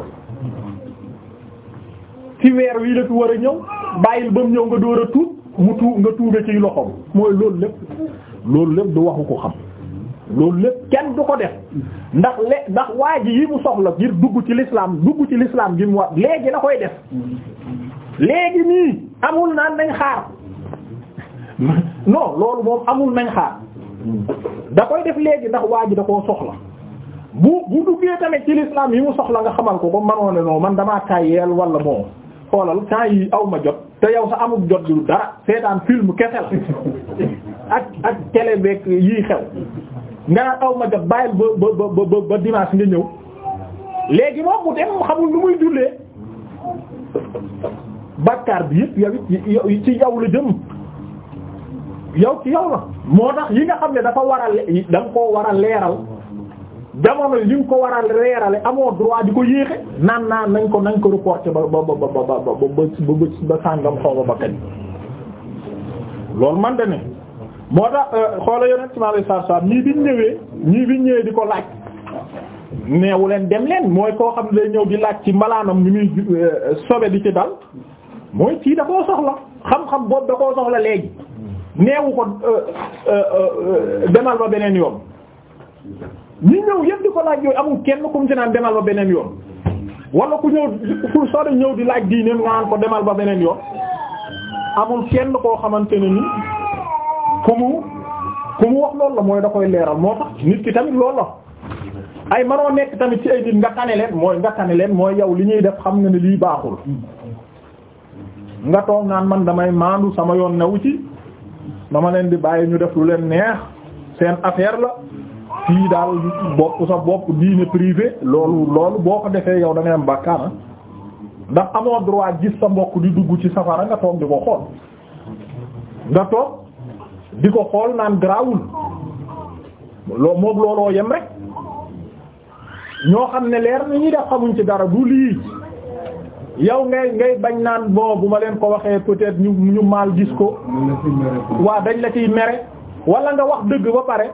ci weer wii la fi war a ñëw bàyyil ba mu ñëw nga door a tuub mu tuub nga tuube ci loxoom mooy loolu lépp loolu lépp du waxu ko xam loolu lépp kenn du ko def ndax le ndax waa ji yi mu soxla ngir dugg ci lislaam dugg ci l'islam gi mu wax léegi la koy def léegi nii amul naan nañ xaar no loolu moom amul nañ xaar da koy def léegi ndax waa ji da koo soxla bu bu duggee tamit ci l'islam yi mu soxla nga xamal ko ko manoon ne man damaa tayeel wala bon xoolal temps yi aw ma jot te yow sa amul jot du dara seetaan film kese la ak ak télé beeg yii xew nga naan ma jot bàyyil ba ba ba ba dimanche nga ñëw léegi moom mu dem xamul lu muy jullee bakkaar bi yëpp yow it ci yow la jëm. yow ci yow la moo tax yi nga xam ne dafa war a da koo war a leeral jamono yi nga ko war a leerale amoo droit di ko yéexe naan naan nañ ko nañ ko reporté ba ba ba ba ba ba ba ba sàngam xaw ba kañ loolu man de ne moo tax xoola yonent si alayhi salaatu salaam ñii biñ ñëwee ñii biñ ñëwee di ko laaj neewu leen dem leen mooy koo xam ne ñëw di laaj ci mbalaanam ñu muy sobe di ci dal mooy ci da koo soxla xam-xam boobu da soxla léegi neewu ko euh, euh, euh, demal ba beneen yoon ñi ñëw yëpp di ko laaj yooyu amul kenn ku mu ci naan demal ba beneen yoon wala ku ñëw ku sori ñëw di laaj diine nga naan ko demal ba beneen yoon amul kenn koo xamante ne ni ku mu ku mu wax loolu la mooy da koy leeral moo tax nit ki tamit loolu la. ay manoo nekk tamit ci ay nit nga tane leen mooy nga tane leen mooy yow li ñuy def xam nga ne lii baaxul nga toog naan man damay maandu sama yoon newu ci dama leen di bàyyi ñu def lu leen neex seen affaire la fii daal bopp sa bopp diine privé loolu loolu boo ko defee yow da nga dem bàkkaana ah. ndax amoo droit gis sa mbokk di dugg ci safara nga toog di ko xool nga toog di ko xool naan garaawul loo moog looloo yem rek ñoo xam ne leer na ñuy def xamuñ ci dara du lii yow ngay ngay bañ naan boo bu ma leen ko waxee peut-être ñu ñu maal gis ko waa dañ la ciy mere wala nga wax dëgg ba pare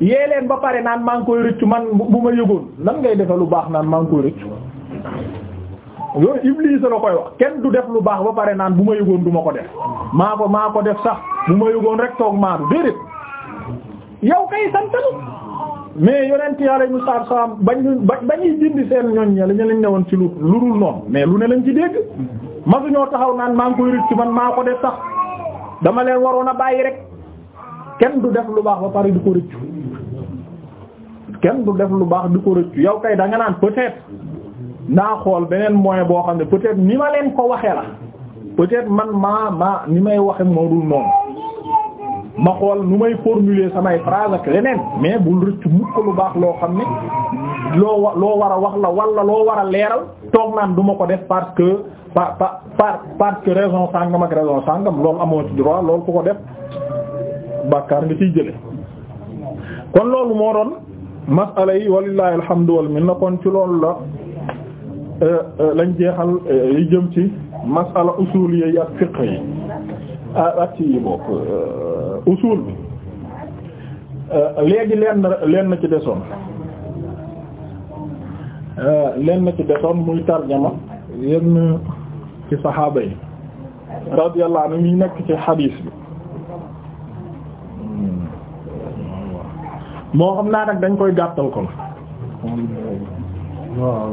yee leen ba pare naan maa ngi koy rëccu man bu ma yëgoon nan ngay defe lu baax naan maa ngi koy rëccu yooyu Iblis la koy wax kenn du def lu baax ba pare naan bu ma yëgoon du ma ko def maa ko maa ko def sax bu ma yëgoon rek toog maanu déedéet yow kay santanu mais yonent yàlla ñu saab saab bañ bañuy dindi seen ñoñ ña lañu lañ ne woon ci lu lu dul noonu mais lu ne lañ ci dégg masu ñoo taxaw naan maa ngi koy rëccu man maa ko def sax dama leen waroon a bàyyi rek kenn du def lu baax ba pare di ko rëccu kenn du def lu baax du ko rëccu yow kay da nga naan peut-être naa xool beneen moyen boo xam ne peut-être ni ma leen ko waxee la peut man maa maa ni may waxe moo dul noonu ma xool nu may formuler samay phrase ak leneen mais bul rëcc mukk lu baax loo xam ne loo wa loo war a wax la wala loo war a leeral toog naan du ko def parce que par par parce que raison sàngam ak raison sàngam loolu amoo ci droit loolu ku ko def bàkkaar nga ciy jële kon loolu moo doon masala yi walillahi alhamdu wal minna kon ci loolu la euh, euh, lañ jeexal euh, yi jëm ci masala usul yi ak fiqh yi ah, ak ci yi bokk usul bi euh, léegi lenn lenn ci desoon euh, lenn ci desoon muy tarjama yenn ci saxaaba yi radiyallahu anhu ñu nekk ci xadiis bi moo xam naa nag dañ koy gàttal kon waaw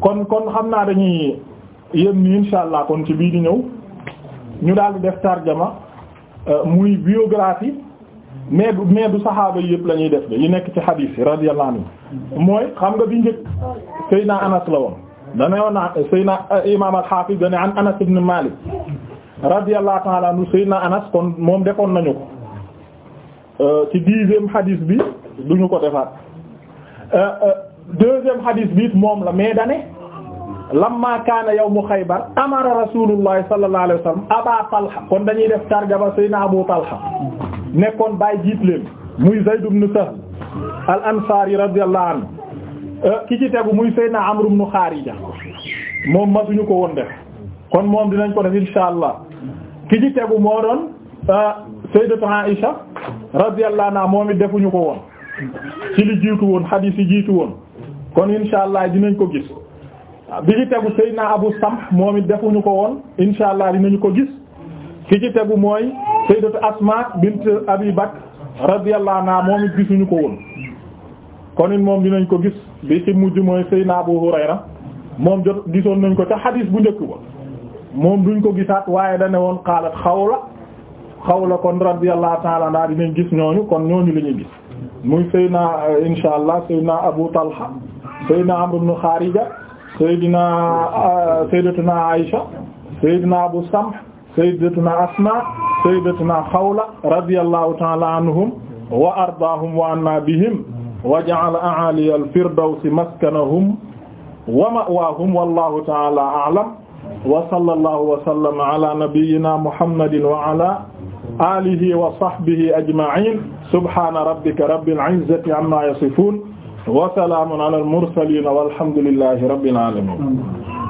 kon kon xam naa dañuy yéen ñi insha allah kon ci biir di ñëw ñu daal di def tarjama euh, muy biographie mais bu mais du saxaaba yi yëpp lañuy def de yi nekk ci xadiis yi radiyallahu anhu mooy xam nga bi njëkk Seydina Anas la woon dana woon naa Seydina euh, Imaam al-Hafiz dane an Anas ibn Malik radiyallahu ta'ala anhu Seydina Anas kon moom defoon nañu ko euh, ci dixième xadiis bi duñu ko defaat deuxième xadiis bi moom la mais dane lamma kaana mu xaybar amara rasulullahi sallallahu alayhi wa sallam aba talha kon dañuy def tarjaba sayna abu talha nekkoon baay jiit leen muy zayd ibn sahl al ansari radiyallahu anhu euh, ki ci tegu muy sayna amr ibn xaarija moom masuñu ko woon def kon moom dinañ ko def insha allah ki ci tegu moo doon euh, sayyidatu aisha radiyallahu anha moom it defuñu ko woon ci li jiitu woon hadith yi jiitu woon kon insha allah dinañ ko gis bi ci tegu Seydina Abu Samh moom it defuñu ko woon insha allah dinañu ko gis ki ci tegu mooy Sayyidatu Asma bint Abi Bakr radiyallahu anha moom it gisuñu ko woon kon it moom dinañ ko gis bi ci mujj mooy Seydina Abu Hurayra moom jot gisoon nañ ko ca xadiis bu njëkk ba moom duñ ko gisaat waaye da ne woon xaalat xawla xawla kon radiyallahu ta'ala anha dinañ gis ñooñu kon ñooñu la ñuy gis muy Seydina insha allah Seydina Abu Talha Seydina Amr ibn Kharija Seydina Seydatuna Aïcha Seydina Abu Samh Seydatuna Asma Seydatuna Xawla radiyallahu ta'ala anhum wa ardaahum wa anna bihim wa ja'ala a'aliya al-firdawsi maskanahum wa ma'waahum wallahu ta'ala a'lam wa sallallahu wa sallama ala nabiyyina Muhammadin wa ala alihi wa sahbihi ajma'in subhana rabbika rabbil izzati amma yasifun wa salaamun ala al-mursaliin walhamdulillaahi rabbil aalamiin